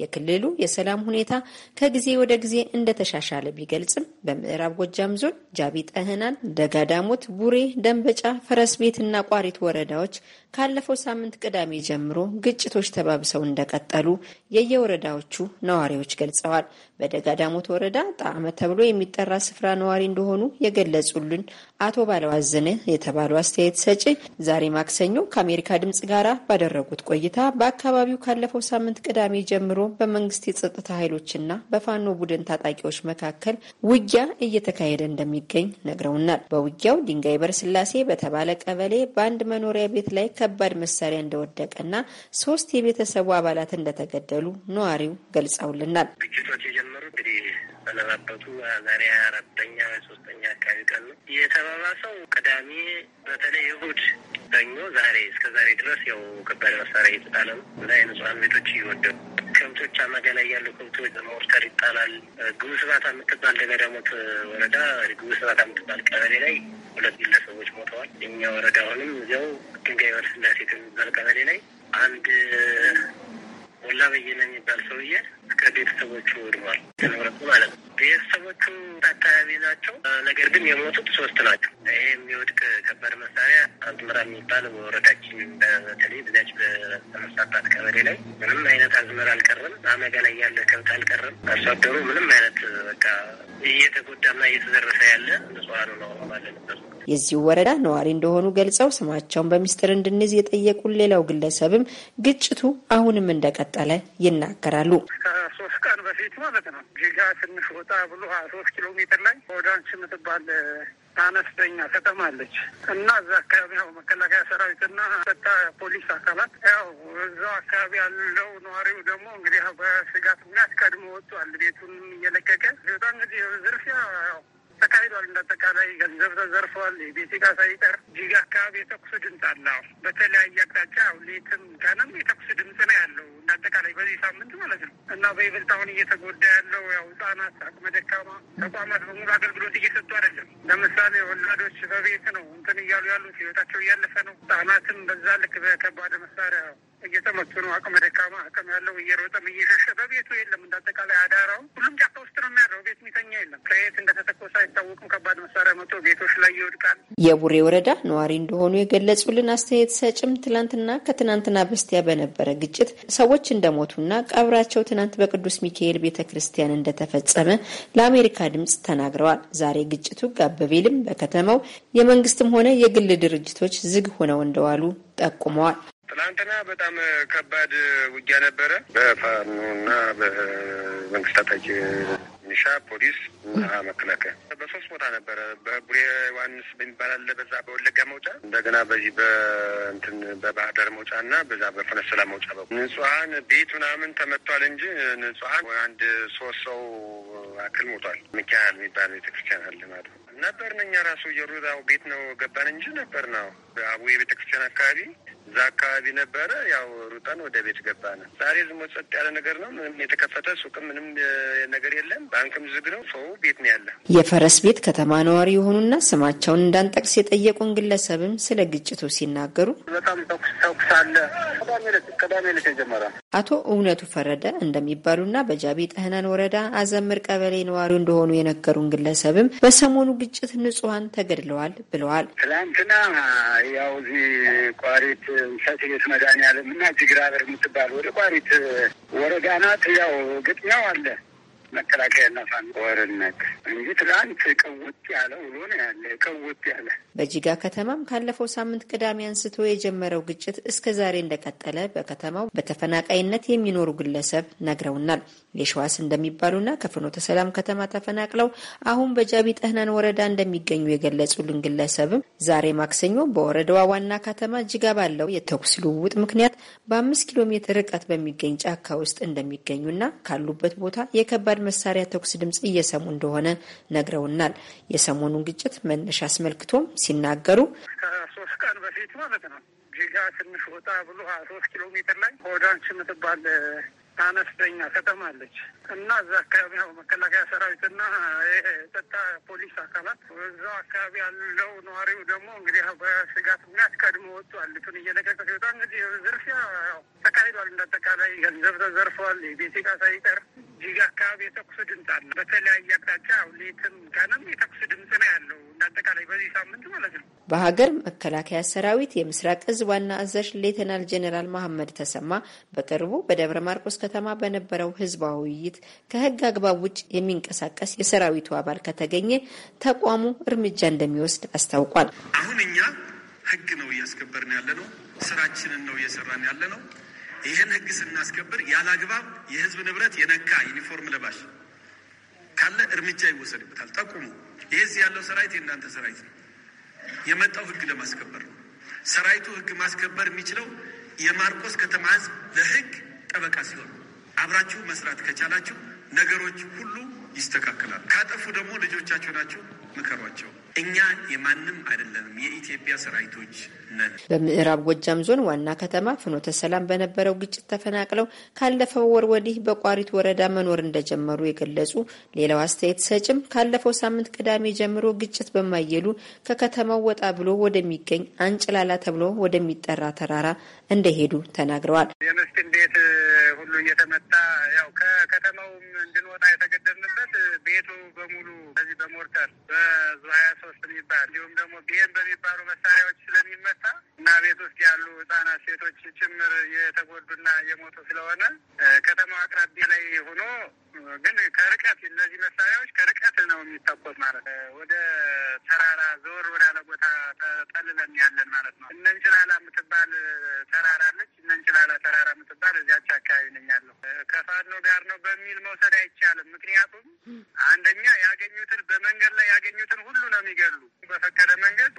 የክልሉ የሰላም ሁኔታ ከጊዜ ወደ ጊዜ እንደተሻሻለ ቢገልጽም በምዕራብ ጎጃም ዞን ጃቢ ጠህናን፣ ደጋዳሞት፣ ቡሬ፣ ደንበጫ፣ ፈረስ ቤትና ቋሪት ወረዳዎች ካለፈው ሳምንት ቅዳሜ ጀምሮ ግጭቶች ተባብሰው እንደቀጠሉ የየወረዳዎቹ ነዋሪዎች ገልጸዋል። በደጋዳሞት ወረዳ ጣዕመ ተብሎ የሚጠራ ስፍራ ነዋሪ እንደሆኑ የገለጹልን አቶ ባለዋዘነ የተባሉ አስተያየት ሰጪ ዛሬ ማክሰኞ ከአሜሪካ ድምጽ ጋራ ባደረጉት ቆይታ በአካባቢው ካለፈው ሳምንት ቅዳሜ ጀምሮ በመንግስት የጸጥታ ኃይሎችና በፋኖ ቡድን ታጣቂዎች መካከል ውጊያ እየተካሄደ እንደሚገኝ ነግረውናል። በውጊያው ድንጋይ በርስላሴ በተባለ ቀበሌ በአንድ መኖሪያ ቤት ላይ ከባድ መሳሪያ እንደወደቀና ሶስት የቤተሰቡ አባላት እንደተገደሉ ነዋሪው ገልጸውልናል። ግጭቶች የጀመሩ እንግዲህ በለባበቱ ዛሬ አራተኛ ወይ ሶስተኛ አካባቢ ቀን ነው የተባባሰው። ቅዳሜ በተለይ እሑድ፣ ሰኞ፣ ዛሬ እስከ ዛሬ ድረስ ያው ከባድ መሳሪያ እየተጣለ ነው እና የንጹሀን ቤቶች እየወደቁ ከብቶች አማጋ ላይ ያሉ ከብቶች ሞርተር ይጣላል። ግቡ ስባት የምትባል ደጋዳሞት ወረዳ ግቡ ስባት የምትባል ቀበሌ ላይ ሁለት ግለሰቦች ሞተዋል። እኛ ወረዳ አሁንም እዚያው ድንጋይ ወርስና ሴት የሚባል ቀበሌ ላይ አንድ ሞላ በየነ የሚባል ሰውዬ ከቤተሰቦቹ ወድሟል። ከንብረቱ ማለት ነው። ቤተሰቦቹ አካባቢ ናቸው። ነገር ግን የሞቱት ሶስት ናቸው። ይህ የሚወድቅ ከባድ መሳሪያ አዝመራ የሚባል በወረዳችን በተለይ በዚያች በተመሳባት ቀበሌ ላይ ምንም አይነት አዝመራ አልቀርም። አመጋ ላይ ያለ ከብት አልቀርም። አርሶ አደሩ ምንም አይነት በቃ እየተጎዳና እየተዘረፈ ያለ ንጽዋኑ ነው ማለንበት የዚሁ ወረዳ ነዋሪ እንደሆኑ ገልጸው ስማቸውን በሚስጥር እንድንይዝ የጠየቁን ሌላው ግለሰብም ግጭቱ አሁንም እንደቀጠ እንደቀጠለ ይናገራሉ። ከሶስት ቀን በፊት ማለት ነው ጅጋ ትንሽ ወጣ ብሎ ሀያ ሶስት ኪሎ ሜትር ላይ ወዳንች የምትባል አነስተኛ ከተማ አለች እና እዛ አካባቢ ያው መከላከያ ሰራዊትና ጸጥታ ፖሊስ አካላት ያው እዛው አካባቢ ያለው ነዋሪው ደግሞ እንግዲህ በስጋት ምክንያት ቀድሞ ወጥቷል። ቤቱን እየለቀቀ በጣም እንግዲህ ዝርፊያ ተካሂዷል። እንዳጠቃላይ ገንዘብ ተዘርፏል። የቤት ዕቃ ሳይቀር ጅጋ አካባቢ የተኩስ ድምፅ አለ። በተለያየ አቅጣጫ ሌትም ቀንም የተኩስ ድምፅ ነው ያለው እንዳጠቃላይ በዚህ ሳምንት ማለት ነው እና በይበልጥ አሁን እየተጎዳ ያለው ያው ህጻናት፣ አቅመ ደካማ ተቋማት በሙሉ አገልግሎት እየሰጡ አይደለም። ለምሳሌ ወላዶች በቤት ነው እንትን እያሉ ያሉት ህይወታቸው እያለፈ ነው። ህጻናትም በዛ ልክ በከባድ መሳሪያ እየተመቱ ነው። አቅመ ደካማ አቅም ያለው እየሮጠም እየሸሸ በቤቱ የለም። እንዳጠቃላይ አዳራው ሁሉም ጫካ ውስጥ ነው የሚያድረው። ቤት የሚተኛ የለም። ከየት እንደተተኮሰ አይታወቅም። ከባድ መሳሪያ መቶ ቤቶች ላይ ይወድቃል። የቡሬ ወረዳ ነዋሪ እንደሆኑ የገለጹልን አስተያየት ሰጭም ትላንትና ከትናንትና በስቲያ በነበረ ግጭት ሰዎች እንደሞቱና ቀብራቸው ትናንት በቅዱስ ሚካኤል ቤተ ክርስቲያን እንደተፈጸመ ለአሜሪካ ድምጽ ተናግረዋል። ዛሬ ግጭቱ ጋብ ቢልም በከተማው የመንግስትም ሆነ የግል ድርጅቶች ዝግ ሆነው እንደዋሉ ጠቁመዋል። ትላንትና በጣም ከባድ ውጊያ ነበረ በፋኖና በመንግስት ታጣቂ ሚኒሻ፣ ፖሊስ እና መከላከያ በሶስት ቦታ ነበረ። በቡሬ ዋንስ በሚባል አለ በዛ በወለጋ መውጫ፣ እንደገና በዚህ በእንትን በባህር ዳር መውጫ እና በዛ በፈነሰላ መውጫ በኩል ንጹሀን ቤት ምናምን ተመቷል እንጂ ንጹሀን አንድ ሶስት ሰው አክል ሞቷል። ሚካኤል የሚባል ቤተክርስቲያን አለ ማለት ነው ነበርን እኛ ራሱ የሩዳው ቤት ነው ገባን እንጂ ነበር ነው አቡ የቤተክርስቲያን አካባቢ እዛ አካባቢ ነበረ። ያው ሩጠን ወደ ቤት ገባነ ዛሬ ዝሞ ጸጥ ያለ ነገር ነው። ምንም የተከፈተ ሱቅም ምንም ነገር የለም። ባንክም ዝግ ነው። ሰው ቤት ነው ያለ። የፈረስ ቤት ከተማ ነዋሪ የሆኑና ስማቸውን እንዳንጠቅስ የጠየቁን ግለሰብም ስለ ግጭቱ ሲናገሩ በጣም ተኩስ ተኩስ አለ። ቅዳሜ ዕለት የጀመረ አቶ እውነቱ ፈረደ እንደሚባሉና በጃቢ ጠህናን ወረዳ አዘምር ቀበሌ ነዋሪ እንደሆኑ የነገሩን ግለሰብም በሰሞኑ ግጭት ንጹሐን ተገድለዋል ብለዋል። ትላንትና ያው እዚህ ቋሪት ውሻት ቤት መድኃኒዓለም እና ጅግራበር የምትባል ወደ ቋሪት ወረዳ ናት። ያው ግጥሚያው አለ መከላከያና ፋኖ ወርነት እንጂ ትላንት ቀውጥ ያለ ውሎ ነው ያለ ቀውጥ ያለ። በጂጋ ከተማም ካለፈው ሳምንት ቅዳሜ አንስቶ የጀመረው ግጭት እስከ ዛሬ እንደቀጠለ በከተማው በተፈናቃይነት የሚኖሩ ግለሰብ ነግረውናል። የሸዋስ እንደሚባሉና ከፍኖተ ሰላም ከተማ ተፈናቅለው አሁን በጃቢ ጠህናን ወረዳ እንደሚገኙ የገለጹልን ግለሰብም ዛሬ ማክሰኞ በወረዳዋ ዋና ከተማ ጅጋ ባለው የተኩስ ልውውጥ ምክንያት በአምስት ኪሎ ሜትር ርቀት በሚገኝ ጫካ ውስጥ እንደሚገኙና ካሉበት ቦታ የከባድ የከባድ መሳሪያ ተኩስ ድምፅ እየሰሙ እንደሆነ ነግረውናል። የሰሞኑን ግጭት መነሻ አስመልክቶም ሲናገሩ ከሶስት ቀን በፊት ማለት ነው ጂጋ ትንሽ ወጣ ብሎ ሀያ ሶስት ኪሎ ሜትር ላይ ሆዳንች የምትባል አነስተኛ ከተማ አለች እና እዛ አካባቢ ያው መከላከያ ሰራዊትና የጸጥታ ፖሊስ አካላት እዛው አካባቢ ያለው ነዋሪው ደግሞ እንግዲህ በስጋት ምክንያት ቀድሞ ወጥቷል። ቱን እየለቀቀ ሲወጣ እንግዲህ ዝርፊያ ተካሂዷል። እንዳጠቃላይ ገንዘብ ተዘርፈዋል። የቤት ዕቃ ሳይቀር እዚህ አካባቢ የተኩስ ድምፅ አለ። በተለያየ አቅጣጫ ሌትም ቀንም የተኩስ ድምፅ ነው ያለው። እንዳጠቃላይ በዚህ ሳምንት ማለት ነው። በሀገር መከላከያ ሰራዊት የምስራቅ እዝ ዋና አዛዥ ሌተናል ጄኔራል መሐመድ ተሰማ በቅርቡ በደብረ ማርቆስ ከተማ በነበረው ህዝባዊ ውይይት ከህግ አግባብ ውጭ የሚንቀሳቀስ የሰራዊቱ አባል ከተገኘ ተቋሙ እርምጃ እንደሚወስድ አስታውቋል። አሁን እኛ ህግ ነው እያስከበርን ያለ ነው። ስራችንን ነው እየሰራን ያለ ነው። ይህን ህግ ስናስከብር ያለ አግባብ የህዝብ ንብረት የነካ ዩኒፎርም ለባሽ ካለ እርምጃ ይወሰድበታል። ጠቁሙ። ይህ ያለው ሰራዊት የእናንተ ሰራዊት ነው። የመጣው ህግ ለማስከበር ነው። ሰራዊቱ ህግ ማስከበር የሚችለው የማርቆስ ከተማ ህዝብ ለህግ ጠበቃ ሲሆን አብራችሁ መስራት ከቻላችሁ ነገሮች ሁሉ ይስተካከላል። ካጠፉ ደግሞ ልጆቻችሁ ናቸው፣ ምከሯቸው። እኛ የማንም አይደለንም፣ የኢትዮጵያ ሰራዊቶች ነን። በምዕራብ ጎጃም ዞን ዋና ከተማ ፍኖተ ሰላም በነበረው ግጭት ተፈናቅለው ካለፈው ወር ወዲህ በቋሪት ወረዳ መኖር እንደጀመሩ የገለጹ ሌላው አስተያየት ሰጭም ካለፈው ሳምንት ቅዳሜ ጀምሮ ግጭት በማየሉ ከከተማው ወጣ ብሎ ወደሚገኝ አንጭላላ ተብሎ ወደሚጠራ ተራራ እንደሄዱ ተናግረዋል። ሁሉ እየተመታ ያው ከከተማውም እንድንወጣ የተገደድንበት ቤቱ በሙሉ በዚህ በሞርተር በዙ ሀያ ሶስት የሚባል እንዲሁም ደግሞ ቢሄን በሚባሉ መሳሪያዎች ስለሚመታ እና ቤት ውስጥ ያሉ ህጻናት፣ ሴቶች ጭምር የተጎዱና የሞቱ ስለሆነ ከተማው አቅራቢያ ላይ ሆኖ ግን ከርቀት እነዚህ መሳሪያዎች ከርቀት ነው የሚተኮስ ማለት ነው። ወደ ተራራ ዞር ወዳለ ቦታ ተጠልለን ያለን ማለት ነው። እነንጭላላ የምትባል ተራራ አለች። እነንጭላላ ተራራ የምትባል እዚያች አካባቢ ነኝ ያለው። ከፋኖ ጋር ነው በሚል መውሰድ አይቻልም። ምክንያቱም አንደኛ ያገኙትን በመንገድ ላይ ያገኙትን ሁሉ ነው የሚገሉ በፈቀደ መንገድ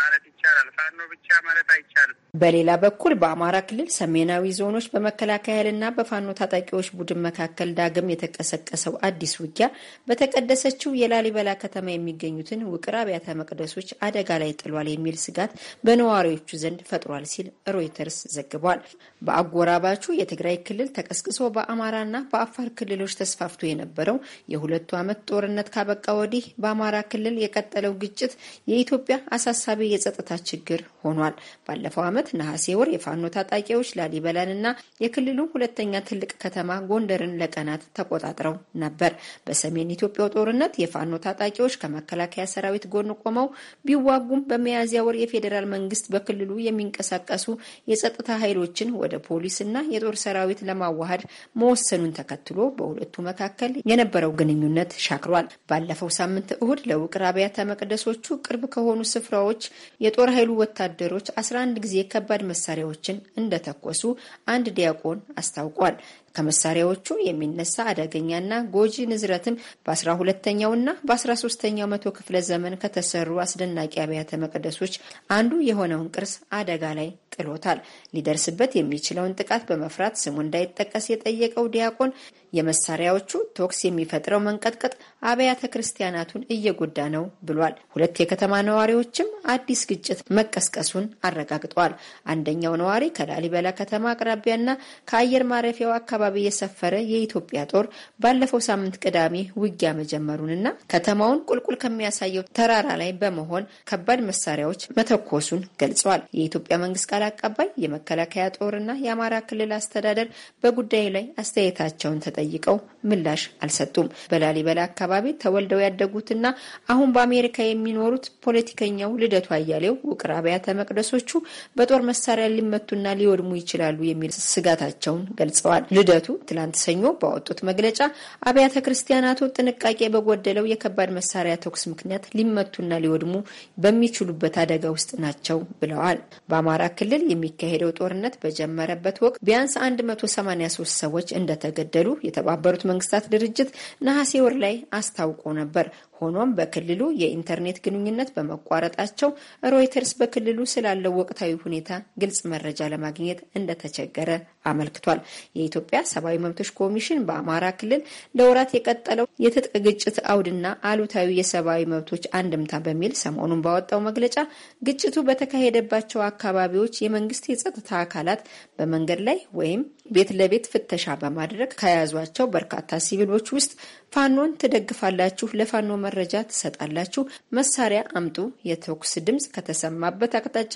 ማለት ይቻላል። ፋኖ ብቻ ማለት አይቻልም። በሌላ በኩል በአማራ ክልል ሰሜናዊ ዞኖች በመከላከያ ኃይልና በፋኖ ታጣቂዎች ቡድን መካከል ዳግም የተቀሰቀሰው አዲስ ውጊያ በተቀደሰችው የላሊበላ ከተማ የሚገኙትን ውቅር አብያተ መቅደሶች አደጋ ላይ ጥሏል የሚል ስጋት በነዋሪዎቹ ዘንድ ፈጥሯል ሲል ሮይተርስ ዘግቧል። በአጎራባቹ የትግራይ ክልል ተቀስቅሶ በአማራና በአፋር ክልሎች ተስፋፍቶ የነበረው የሁለቱ ዓመት ጦርነት ካበቃ ወዲህ በአማራ ክልል የቀጠለው ግጭት የኢትዮጵያ አሳሳቢ የጸጥታ ችግር ሆኗል። ባለፈው ዓመት ነሐሴ ወር የፋኖ ታጣቂዎች ላሊበላንና የክልሉ ሁለተኛ ትልቅ ከተማ ጎንደርን ለቀናት ተቆጣጥረው ነበር። በሰሜን ኢትዮጵያው ጦርነት የፋኖ ታጣቂዎች ከመከላከያ ሰራዊት ጎን ቆመው ቢዋጉም በሚያዝያ ወር የፌዴራል መንግስት በክልሉ የሚንቀሳቀሱ የጸጥታ ኃይሎችን ወደ ፖሊስና የጦር ሰራዊት ለማ ለማዋሃድ መወሰኑን ተከትሎ በሁለቱ መካከል የነበረው ግንኙነት ሻክሯል። ባለፈው ሳምንት እሁድ ለውቅር አብያተ መቅደሶቹ ቅርብ ከሆኑ ስፍራዎች የጦር ኃይሉ ወታደሮች 11 ጊዜ ከባድ መሳሪያዎችን እንደተኮሱ አንድ ዲያቆን አስታውቋል። ከመሳሪያዎቹ የሚነሳ አደገኛና ጎጂ ንዝረትም በአስራ ሁለተኛውና በአስራ ሶስተኛው መቶ ክፍለ ዘመን ከተሰሩ አስደናቂ አብያተ መቅደሶች አንዱ የሆነውን ቅርስ አደጋ ላይ ጥሎታል። ሊደርስበት የሚችለውን ጥቃት በመፍራት ስሙ እንዳይጠቀስ የጠየቀው ዲያቆን የመሳሪያዎቹ ቶክስ የሚፈጥረው መንቀጥቀጥ አብያተ ክርስቲያናቱን እየጎዳ ነው ብሏል። ሁለት የከተማ ነዋሪዎችም አዲስ ግጭት መቀስቀሱን አረጋግጠዋል። አንደኛው ነዋሪ ከላሊበላ ከተማ አቅራቢያና ከአየር ማረፊያው አካባቢ የሰፈረ የኢትዮጵያ ጦር ባለፈው ሳምንት ቅዳሜ ውጊያ መጀመሩንና ከተማውን ቁልቁል ከሚያሳየው ተራራ ላይ በመሆን ከባድ መሳሪያዎች መተኮሱን ገልጸዋል። የኢትዮጵያ መንግስት ቃል አቀባይ የመከላከያ ጦርና የአማራ ክልል አስተዳደር በጉዳዩ ላይ አስተያየታቸውን ተጠ ተጠይቀው ምላሽ አልሰጡም። በላሊበላ አካባቢ ተወልደው ያደጉትና አሁን በአሜሪካ የሚኖሩት ፖለቲከኛው ልደቱ አያሌው ውቅር አብያተ መቅደሶቹ በጦር መሳሪያ ሊመቱና ሊወድሙ ይችላሉ የሚል ስጋታቸውን ገልጸዋል። ልደቱ ትላንት ሰኞ ባወጡት መግለጫ አብያተ ክርስቲያናቱ ጥንቃቄ በጎደለው የከባድ መሳሪያ ተኩስ ምክንያት ሊመቱና ሊወድሙ በሚችሉበት አደጋ ውስጥ ናቸው ብለዋል። በአማራ ክልል የሚካሄደው ጦርነት በጀመረበት ወቅት ቢያንስ 183 ሰዎች እንደተገደሉ የተባበሩት መንግስታት ድርጅት ነሐሴ ወር ላይ አስታውቆ ነበር። ሆኖም በክልሉ የኢንተርኔት ግንኙነት በመቋረጣቸው ሮይተርስ በክልሉ ስላለው ወቅታዊ ሁኔታ ግልጽ መረጃ ለማግኘት እንደተቸገረ አመልክቷል። የኢትዮጵያ ሰብአዊ መብቶች ኮሚሽን በአማራ ክልል ለወራት የቀጠለው የትጥቅ ግጭት አውድና አሉታዊ የሰብአዊ መብቶች አንድምታ በሚል ሰሞኑን ባወጣው መግለጫ ግጭቱ በተካሄደባቸው አካባቢዎች የመንግስት የጸጥታ አካላት በመንገድ ላይ ወይም ቤት ለቤት ፍተሻ በማድረግ ከያዟቸው በርካታ ሲቪሎች ውስጥ ፋኖን ትደግፋላችሁ፣ ለፋኖ መረጃ ትሰጣላችሁ፣ መሳሪያ አምጡ፣ የተኩስ ድምፅ ከተሰማበት አቅጣጫ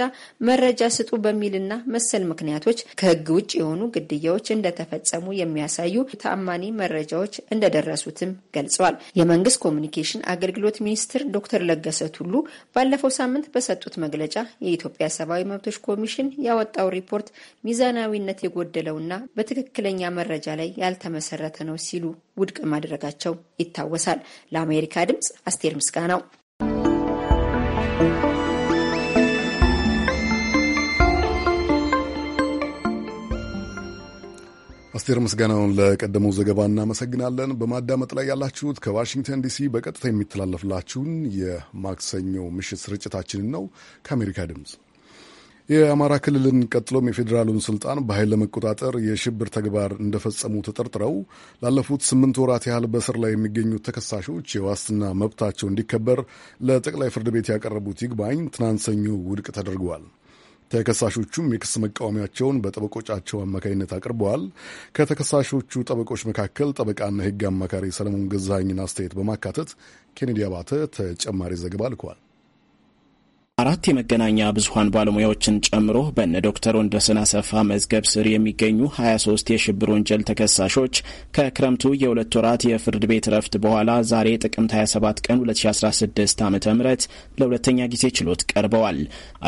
መረጃ ስጡ በሚልና መሰል ምክንያቶች ከህግ ውጭ የሆኑ ግድያዎች እንደተፈጸሙ የሚያሳዩ ተአማኒ መረጃዎች እንደደረሱትም ገልጸዋል። የመንግስት ኮሚኒኬሽን አገልግሎት ሚኒስትር ዶክተር ለገሰ ቱሉ ባለፈው ሳምንት በሰጡት መግለጫ የኢትዮጵያ ሰብአዊ መብቶች ኮሚሽን ያወጣው ሪፖርት ሚዛናዊነት የጎደለውና በትክክለኛ መረጃ ላይ ያልተመሰረተ ነው ሲሉ ውድቅ ማድረጋቸው ይታወሳል። ለአሜሪካ ድምፅ አስቴር ምስጋናው። አስቴር ምስጋናውን ለቀደመው ዘገባ እናመሰግናለን። በማዳመጥ ላይ ያላችሁት ከዋሽንግተን ዲሲ በቀጥታ የሚተላለፍላችሁን የማክሰኞ ምሽት ስርጭታችንን ነው ከአሜሪካ ድምፅ የአማራ ክልልን ቀጥሎም የፌዴራሉን ስልጣን በኃይል ለመቆጣጠር የሽብር ተግባር እንደፈጸሙ ተጠርጥረው ላለፉት ስምንት ወራት ያህል በእስር ላይ የሚገኙት ተከሳሾች የዋስትና መብታቸው እንዲከበር ለጠቅላይ ፍርድ ቤት ያቀረቡት ይግባኝ ትናንት ሰኞ ውድቅ ተደርገዋል። ተከሳሾቹም የክስ መቃወሚያቸውን በጠበቆቻቸው አማካኝነት አቅርበዋል። ከተከሳሾቹ ጠበቆች መካከል ጠበቃና ሕግ አማካሪ ሰለሞን ገዛኝን አስተያየት በማካተት ኬኔዲ አባተ ተጨማሪ ዘገባ ልከዋል። አራት የመገናኛ ብዙሀን ባለሙያዎችን ጨምሮ በእነ ዶክተር ወንደሰን አሰፋ መዝገብ ስር የሚገኙ 23 የሽብር ወንጀል ተከሳሾች ከክረምቱ የሁለት ወራት የፍርድ ቤት ረፍት በኋላ ዛሬ ጥቅምት 27 ቀን 2016 ዓ ም ለሁለተኛ ጊዜ ችሎት ቀርበዋል።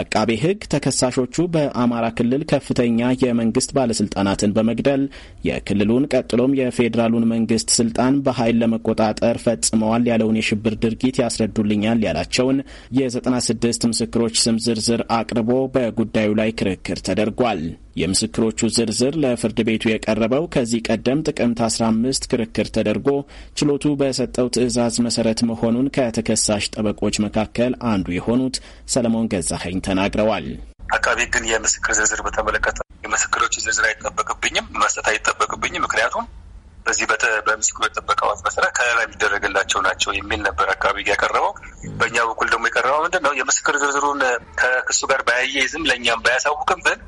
አቃቤ ሕግ ተከሳሾቹ በአማራ ክልል ከፍተኛ የመንግስት ባለስልጣናትን በመግደል የክልሉን ቀጥሎም የፌዴራሉን መንግስት ስልጣን በኃይል ለመቆጣጠር ፈጽመዋል ያለውን የሽብር ድርጊት ያስረዱልኛል ያላቸውን የ96 ምስክሮች ስም ዝርዝር አቅርቦ በጉዳዩ ላይ ክርክር ተደርጓል። የምስክሮቹ ዝርዝር ለፍርድ ቤቱ የቀረበው ከዚህ ቀደም ጥቅምት 15 ክርክር ተደርጎ ችሎቱ በሰጠው ትዕዛዝ መሰረት መሆኑን ከተከሳሽ ጠበቆች መካከል አንዱ የሆኑት ሰለሞን ገዛኸኝ ተናግረዋል። አቃቤ ግን የምስክር ዝርዝር በተመለከተ የምስክሮቹ ዝርዝር አይጠበቅብኝም መስጠት አይጠበቅብኝም ምክንያቱም በዚህ በምስክሮች ጥበቃ መሰረት ከለላ የሚደረግላቸው ናቸው የሚል ነበር አካባቢ ያቀረበው። በእኛ በኩል ደግሞ የቀረበው ምንድን ነው የምስክር ዝርዝሩን ከክሱ ጋር ባያያይዝም ለእኛም ባያሳውቅም ብን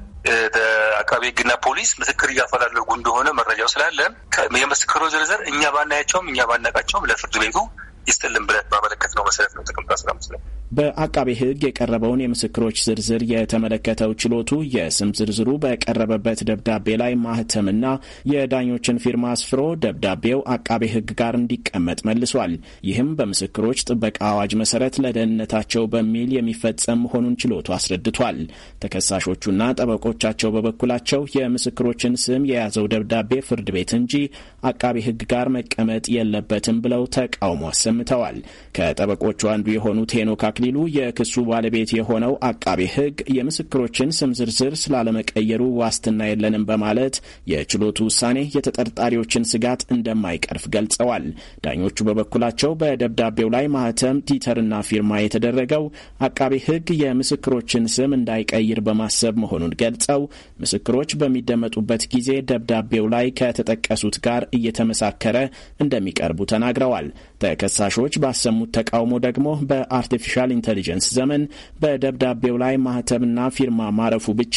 አቃቤ ሕግና ፖሊስ ምስክር እያፈላለጉ እንደሆነ መረጃው ስላለን የምስክሩ ዝርዝር እኛ ባናያቸውም እኛ ባናቃቸውም ለፍርድ ቤቱ ይስጥልን ብለን ባመለከት ነው መሰረት ነው ጥቅምት አስራ አምስት ላይ በአቃቤ ሕግ የቀረበውን የምስክሮች ዝርዝር የተመለከተው ችሎቱ የስም ዝርዝሩ በቀረበበት ደብዳቤ ላይ ማህተምና የዳኞችን ፊርማ አስፍሮ ደብዳቤው አቃቤ ሕግ ጋር እንዲቀመጥ መልሷል። ይህም በምስክሮች ጥበቃ አዋጅ መሰረት ለደህንነታቸው በሚል የሚፈጸም መሆኑን ችሎቱ አስረድቷል። ተከሳሾቹና ጠበቆቻቸው በበኩላቸው የምስክሮችን ስም የያዘው ደብዳቤ ፍርድ ቤት እንጂ አቃቤ ሕግ ጋር መቀመጥ የለበትም ብለው ተቃውሞ አሰምተዋል። ከጠበቆቹ አንዱ የሆኑት ሄኖክ አክሊሉ የክሱ ባለቤት የሆነው አቃቤ ሕግ የምስክሮችን ስም ዝርዝር ስላለመቀየሩ ዋስትና የለንም በማለት የችሎቱ ውሳኔ የተጠርጣሪዎችን ስጋት እንደማይቀርፍ ገልጸዋል። ዳኞቹ በበኩላቸው በደብዳቤው ላይ ማህተም፣ ቲተርና ፊርማ የተደረገው አቃቤ ሕግ የምስክሮችን ስም እንዳይቀይር በማሰብ መሆኑን ገልጸው ምስክሮች በሚደመጡበት ጊዜ ደብዳቤው ላይ ከተጠቀሱት ጋር እየተመሳከረ እንደሚቀርቡ ተናግረዋል። ተከሳሾች ባሰሙት ተቃውሞ ደግሞ በአርቲፊሻል የፌዴራል ኢንቴሊጀንስ ዘመን በደብዳቤው ላይ ማህተምና ፊርማ ማረፉ ብቻ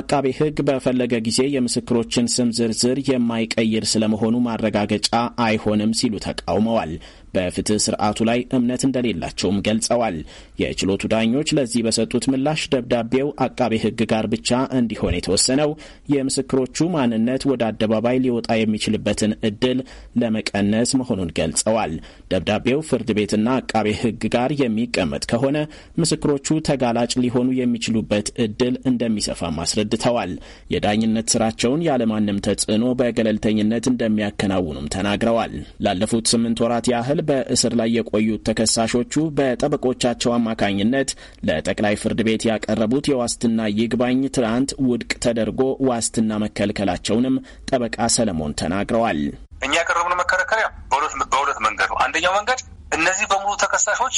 አቃቤ ሕግ በፈለገ ጊዜ የምስክሮችን ስም ዝርዝር የማይቀይር ስለመሆኑ ማረጋገጫ አይሆንም ሲሉ ተቃውመዋል። በፍትህ ስርዓቱ ላይ እምነት እንደሌላቸውም ገልጸዋል። የችሎቱ ዳኞች ለዚህ በሰጡት ምላሽ ደብዳቤው አቃቤ ሕግ ጋር ብቻ እንዲሆን የተወሰነው የምስክሮቹ ማንነት ወደ አደባባይ ሊወጣ የሚችልበትን እድል ለመቀነስ መሆኑን ገልጸዋል። ደብዳቤው ፍርድ ቤትና አቃቤ ሕግ ጋር የሚቀመጥ ከሆነ ምስክሮቹ ተጋላጭ ሊሆኑ የሚችሉበት እድል እንደሚሰፋም አስረድተዋል። የዳኝነት ስራቸውን ያለማንም ተጽዕኖ በገለልተኝነት እንደሚያከናውኑም ተናግረዋል። ላለፉት ስምንት ወራት ያህል በእስር ላይ የቆዩት ተከሳሾቹ በጠበቆቻቸው አማካኝነት ለጠቅላይ ፍርድ ቤት ያቀረቡት የዋስትና ይግባኝ ትናንት ውድቅ ተደርጎ ዋስትና መከልከላቸውንም ጠበቃ ሰለሞን ተናግረዋል። እኛ ያቀረብነው መከራከሪያ በሁለት መንገድ ነው። አንደኛው መንገድ እነዚህ በሙሉ ተከሳሾች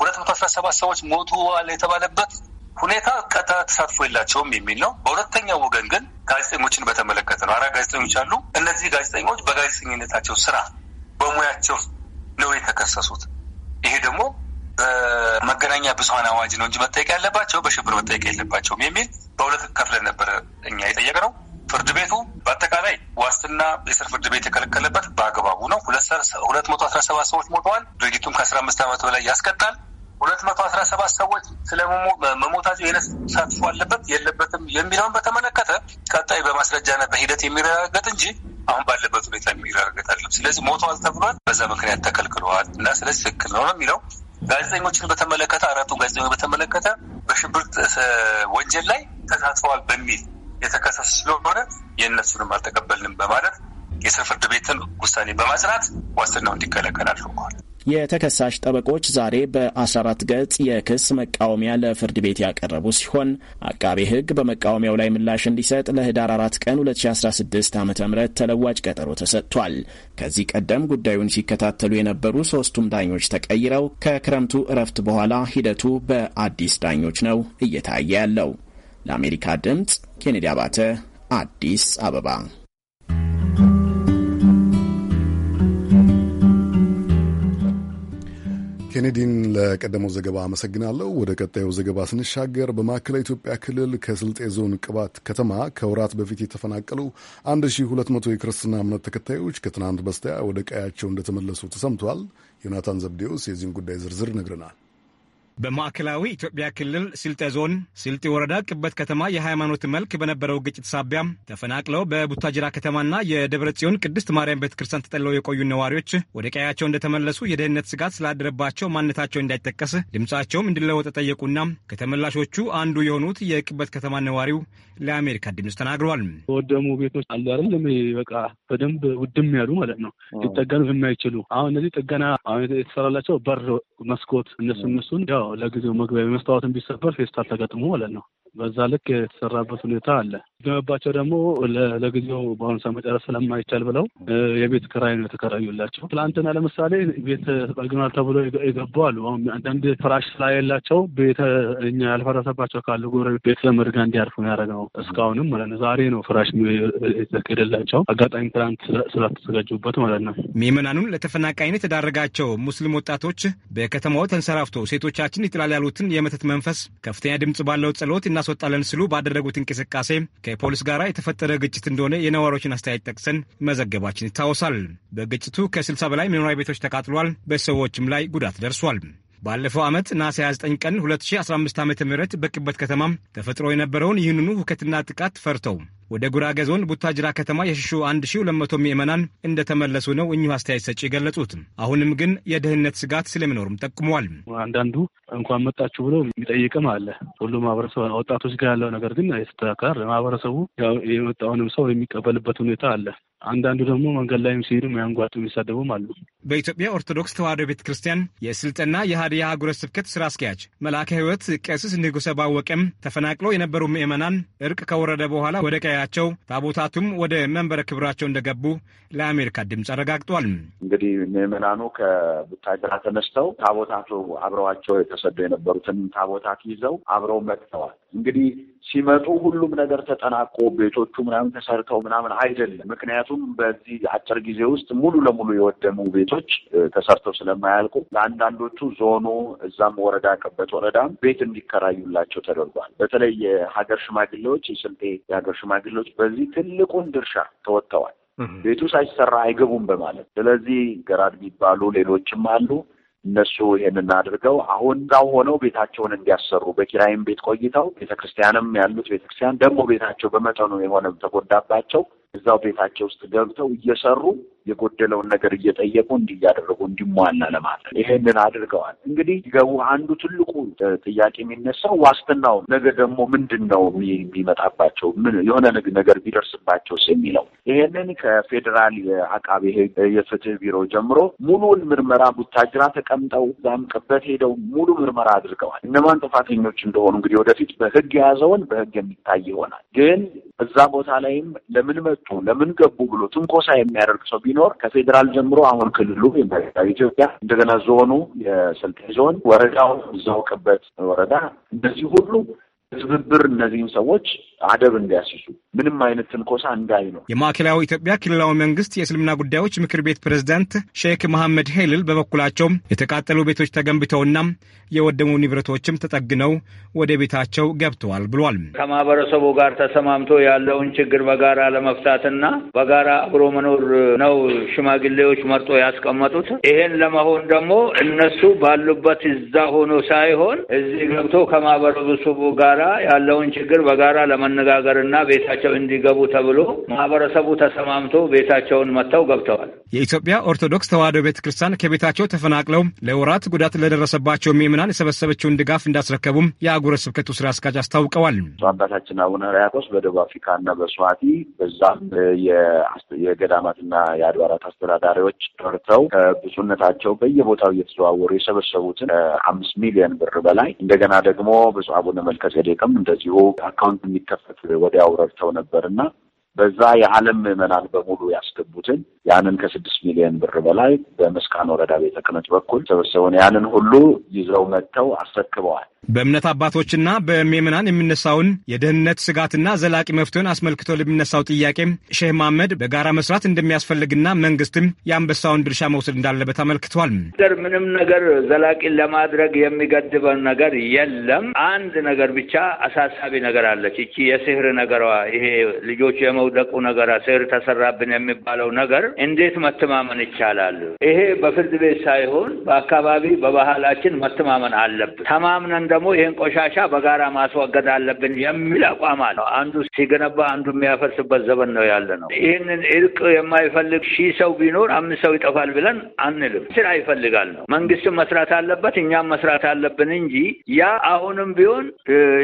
ሁለት መቶ አስራ ሰባት ሰዎች ሞተዋል የተባለበት ሁኔታ ቀጥታ ተሳትፎ የላቸውም የሚል ነው። በሁለተኛው ወገን ግን ጋዜጠኞችን በተመለከተ ነው። አራት ጋዜጠኞች አሉ። እነዚህ ጋዜጠኞች በጋዜጠኝነታቸው ስራ በሙያቸው ነው የተከሰሱት። ይሄ ደግሞ በመገናኛ ብዙኃን አዋጅ ነው እንጂ መጠየቅ ያለባቸው በሽብር መጠየቅ የለባቸውም የሚል በሁለት ከፍለን ነበረ እኛ የጠየቅነው። ፍርድ ቤቱ በአጠቃላይ ዋስትና የስር ፍርድ ቤት የከለከለበት በአግባቡ ነው። ሁለት መቶ አስራ ሰባት ሰዎች ሞተዋል። ድርጊቱም ከአስራ አምስት ዓመት በላይ ያስቀጣል። ሁለት መቶ አስራ ሰባት ሰዎች ስለ መሞታቸው የነስ ተሳትፎ አለበት የለበትም የሚለውን በተመለከተ ቀጣይ በማስረጃና በሂደት የሚረጋገጥ እንጂ አሁን ባለበት ሁኔታ የሚረጋገጥ አይደለም። ስለዚህ ሞተዋል ተብሏል፣ በዛ ምክንያት ተከልክለዋል እና ስለዚህ ትክክል ነው ነው የሚለው ጋዜጠኞችን በተመለከተ አራቱን ጋዜጠኞች በተመለከተ በሽብር ወንጀል ላይ ተሳትፈዋል በሚል የተከሰሱ ስለሆነ የእነሱንም አልተቀበልንም በማለት የስር ፍርድ ቤትን ውሳኔ በማጽናት ዋስትናው እንዲከለከል አድርገዋል። የተከሳሽ ጠበቆች ዛሬ በ14 ገጽ የክስ መቃወሚያ ለፍርድ ቤት ያቀረቡ ሲሆን አቃቤ ሕግ በመቃወሚያው ላይ ምላሽ እንዲሰጥ ለህዳር 4 ቀን 2016 ዓ ም ተለዋጭ ቀጠሮ ተሰጥቷል። ከዚህ ቀደም ጉዳዩን ሲከታተሉ የነበሩ ሶስቱም ዳኞች ተቀይረው ከክረምቱ እረፍት በኋላ ሂደቱ በአዲስ ዳኞች ነው እየታየ ያለው። ለአሜሪካ ድምፅ ኬኔዲ አባተ አዲስ አበባ ኬኔዲን ለቀደመው ዘገባ አመሰግናለሁ። ወደ ቀጣዩ ዘገባ ስንሻገር በማዕከላዊ ኢትዮጵያ ክልል ከስልጤ ዞን ቅባት ከተማ ከወራት በፊት የተፈናቀሉ 1200 የክርስትና እምነት ተከታዮች ከትናንት በስቲያ ወደ ቀያቸው እንደተመለሱ ተሰምቷል። ዮናታን ዘብዴዎስ የዚህን ጉዳይ ዝርዝር ነግረናል። በማዕከላዊ ኢትዮጵያ ክልል ስልጤ ዞን ስልጤ ወረዳ ቅበት ከተማ የሃይማኖት መልክ በነበረው ግጭት ሳቢያ ተፈናቅለው በቡታጅራ ከተማና የደብረ ጽዮን ቅድስት ማርያም ቤተክርስቲያን ተጠልለው የቆዩ ነዋሪዎች ወደ ቀያቸው እንደተመለሱ የደህንነት ስጋት ስላደረባቸው ማንነታቸው እንዳይጠቀስ ድምፃቸውም እንዲለወጥ ጠየቁና ከተመላሾቹ አንዱ የሆኑት የቅበት ከተማ ነዋሪው ለአሜሪካ ድምፅ ተናግረዋል። ወደሙ ቤቶች አሉ አይደለም፣ በቃ በደንብ ውድም ያሉ ማለት ነው፣ ሊጠገኑ የማይችሉ አሁን እነዚህ ጥገና የተሰራላቸው በር መስኮት እነሱ እነሱን ያው አዎ ለጊዜው መግቢያ መስታወትን ቢሰበር ፌስታል ተገጥሞ ማለት ነው። በዛ ልክ የተሰራበት ሁኔታ አለ ሲገመባቸው ደግሞ ለጊዜው በአሁኑ ሰዓት መጨረስ ስለማይቻል ብለው የቤት ክራይ ነው የተከራዩላቸው። ትላንትና ለምሳሌ ቤት ተጠግናል ተብሎ የገቡ አሉ። አንዳንድ ፍራሽ ስለሌላቸው ቤተ እኛ ያልፈረሰባቸው ካሉ ጎረቤት ቤት ለመድጋ ጋር እንዲያርፉ ያደረገው እስካሁንም ማለት ነው። ዛሬ ነው ፍራሽ የተካሄደላቸው። አጋጣሚ ትላንት ስላልተዘጋጁበት ማለት ነው። ሜመናኑን ለተፈናቃይነት የዳረጋቸው ሙስሊም ወጣቶች በከተማው ተንሰራፍቶ ሴቶቻችን ይጥላል ያሉትን የመተት መንፈስ ከፍተኛ ድምጽ ባለው ጸሎት እናስወጣለን ሲሉ ባደረጉት እንቅስቃሴ ከፖሊስ ጋር የተፈጠረ ግጭት እንደሆነ የነዋሪዎችን አስተያየት ጠቅሰን መዘገባችን ይታወሳል። በግጭቱ ከ60 በላይ መኖሪያ ቤቶች ተቃጥሏል። በሰዎችም ላይ ጉዳት ደርሷል። ባለፈው ዓመት ነሐሴ 29 ቀን 2015 ዓ ም በቅበት ከተማ ተፈጥሮ የነበረውን ይህንኑ ሁከትና ጥቃት ፈርተው ወደ ጉራጌ ዞን ቡታጅራ ከተማ የሸሹ 1200 ምዕመናን እንደተመለሱ ነው እኚሁ አስተያየት ሰጪ የገለጹት። አሁንም ግን የደህንነት ስጋት ስለመኖሩም ጠቁመዋል። አንዳንዱ እንኳን መጣችሁ ብሎ የሚጠይቅም አለ። ሁሉ ማህበረሰብ ወጣቶች ጋር ያለው ነገር ግን አይስተካከል። ማህበረሰቡ የመጣውንም ሰው የሚቀበልበት ሁኔታ አለ። አንዳንዱ ደግሞ መንገድ ላይም ሲሄዱ የሚያንጓጡ የሚሳደቡም አሉ። በኢትዮጵያ ኦርቶዶክስ ተዋሕዶ ቤተ ክርስቲያን የስልጠና የሀዲያ ሀገረ ስብከት ስራ አስኪያጅ መልአከ ሕይወት ቀሲስ ንጉሰ ባወቀም ተፈናቅለው የነበሩ ምእመናን እርቅ ከወረደ በኋላ ወደ ቀያቸው፣ ታቦታቱም ወደ መንበረ ክብራቸው እንደገቡ ለአሜሪካ ድምፅ አረጋግጧል። እንግዲህ ምእመናኑ ከቡታጅራ ተነስተው ታቦታቱ አብረዋቸው የተሰዱ የነበሩትን ታቦታት ይዘው አብረው መጥተዋል። እንግዲህ ሲመጡ ሁሉም ነገር ተጠናቆ ቤቶቹ ምናምን ተሰርተው ምናምን አይደለም። ምክንያቱም በዚህ አጭር ጊዜ ውስጥ ሙሉ ለሙሉ የወደሙ ቤቶች ተሰርተው ስለማያልቁ ለአንዳንዶቹ ዞኑ እዛም ወረዳ ቀበት ወረዳም ቤት እንዲከራዩላቸው ተደርጓል። በተለይ የሀገር ሽማግሌዎች የስልጤ የሀገር ሽማግሌዎች በዚህ ትልቁን ድርሻ ተወጥተዋል። ቤቱ ሳይሰራ አይገቡም በማለት ስለዚህ ገራድ የሚባሉ ሌሎችም አሉ። እነሱ ይሄንን አድርገው አሁን እዛው ሆነው ቤታቸውን እንዲያሰሩ በኪራይም ቤት ቆይተው ቤተክርስቲያንም ያሉት ቤተክርስቲያን ደግሞ ቤታቸው በመጠኑ የሆነ ተጎዳባቸው እዛው ቤታቸው ውስጥ ገብተው እየሰሩ የጎደለውን ነገር እየጠየቁ እንዲያደርጉ እንዲሟላ ለማድረግ ይሄንን አድርገዋል። እንግዲህ ገቡ አንዱ ትልቁ ጥያቄ የሚነሳው ዋስትናው ነገ ደግሞ ምንድን ነው የሚመጣባቸው ምን የሆነ ነገር ቢደርስባቸውስ የሚለው ይሄንን ከፌዴራል የአቃቤ ሕግ የፍትህ ቢሮ ጀምሮ ሙሉውን ምርመራ ቡታጅራ ተቀምጠው ዛምቅበት ሄደው ሙሉ ምርመራ አድርገዋል። እነማን ጥፋተኞች እንደሆኑ እንግዲህ ወደፊት በህግ የያዘውን በህግ የሚታይ ይሆናል። ግን እዛ ቦታ ላይም ለምን መጡ ገቡ ለምን ገቡ ብሎ ትንኮሳ የሚያደርግ ሰው ቢኖር ከፌዴራል ጀምሮ አሁን ክልሉ ኢትዮጵያ እንደገና ዞኑ የስልጤ ዞን ወረዳው እዛው ወረዳ እነዚህ ሁሉ ትብብር እነዚህም ሰዎች አደብ እንዲያስሱ ምንም አይነት ትንኮሳ እንዳይ ነው። የማዕከላዊ ኢትዮጵያ ክልላዊ መንግስት የእስልምና ጉዳዮች ምክር ቤት ፕሬዝዳንት ሼክ መሐመድ ሄልል በበኩላቸው የተቃጠሉ ቤቶች ተገንብተውና የወደሙ ንብረቶችም ተጠግነው ወደ ቤታቸው ገብተዋል ብሏል። ከማህበረሰቡ ጋር ተሰማምቶ ያለውን ችግር በጋራ ለመፍታትና በጋራ አብሮ መኖር ነው ሽማግሌዎች መርጦ ያስቀመጡት። ይሄን ለመሆን ደግሞ እነሱ ባሉበት እዛ ሆኖ ሳይሆን እዚህ ገብቶ ከማህበረሰቡ ጋራ ያለውን ችግር በጋራ ለመ ለማነጋገርና ቤታቸው እንዲገቡ ተብሎ ማህበረሰቡ ተሰማምቶ ቤታቸውን መጥተው ገብተዋል። የኢትዮጵያ ኦርቶዶክስ ተዋህዶ ቤተ ክርስቲያን ከቤታቸው ተፈናቅለው ለወራት ጉዳት ለደረሰባቸው ምዕመናን የሰበሰበችውን ድጋፍ እንዳስረከቡም የአህጉረ ስብከቱ ስራ አስኪያጅ አስታውቀዋል። አባታችን አቡነ ሪያቆስ በደቡብ አፍሪካና በስዋቲ በዛም የገዳማትና የአድባራት አስተዳዳሪዎች ጠርተው ብፁዕነታቸው በየቦታው እየተዘዋወሩ የሰበሰቡትን አምስት ሚሊዮን ብር በላይ እንደገና ደግሞ ብፁዕ አቡነ መልከ እንደዚሁ አካውንት የሚተ ሲከፈት ወዲያው ረድተው ነበር እና በዛ የዓለም ምዕመናን በሙሉ ያስገቡትን ያንን ከስድስት ሚሊዮን ብር በላይ በመስቃን ወረዳ ቤተ ክህነት በኩል ሰበሰቡን። ያንን ሁሉ ይዘው መጥተው አስረክበዋል። በእምነት አባቶችና በምዕመናን የሚነሳውን የደህንነት ስጋትና ዘላቂ መፍትሄን አስመልክቶ ለሚነሳው ጥያቄ ሼህ መሐመድ በጋራ መስራት እንደሚያስፈልግና መንግስትም የአንበሳውን ድርሻ መውሰድ እንዳለበት አመልክቷል። ምንም ነገር ዘላቂ ለማድረግ የሚገድበን ነገር የለም። አንድ ነገር ብቻ አሳሳቢ ነገር አለች። እቺ የስህር ነገሯ፣ ይሄ ልጆች የመውደቁ ነገር፣ ስህር ተሰራብን የሚባለው ነገር እንዴት መተማመን ይቻላል? ይሄ በፍርድ ቤት ሳይሆን በአካባቢ በባህላችን መተማመን አለብን። ተማምነን ደግሞ ይህን ቆሻሻ በጋራ ማስወገድ አለብን የሚል አቋም ነው። አንዱ ሲገነባ አንዱ የሚያፈርስበት ዘመን ነው ያለ ነው። ይህንን እርቅ የማይፈልግ ሺህ ሰው ቢኖር አምስት ሰው ይጠፋል ብለን አንልም። ስራ ይፈልጋል ነው። መንግስትም መስራት አለበት፣ እኛም መስራት አለብን እንጂ ያ አሁንም ቢሆን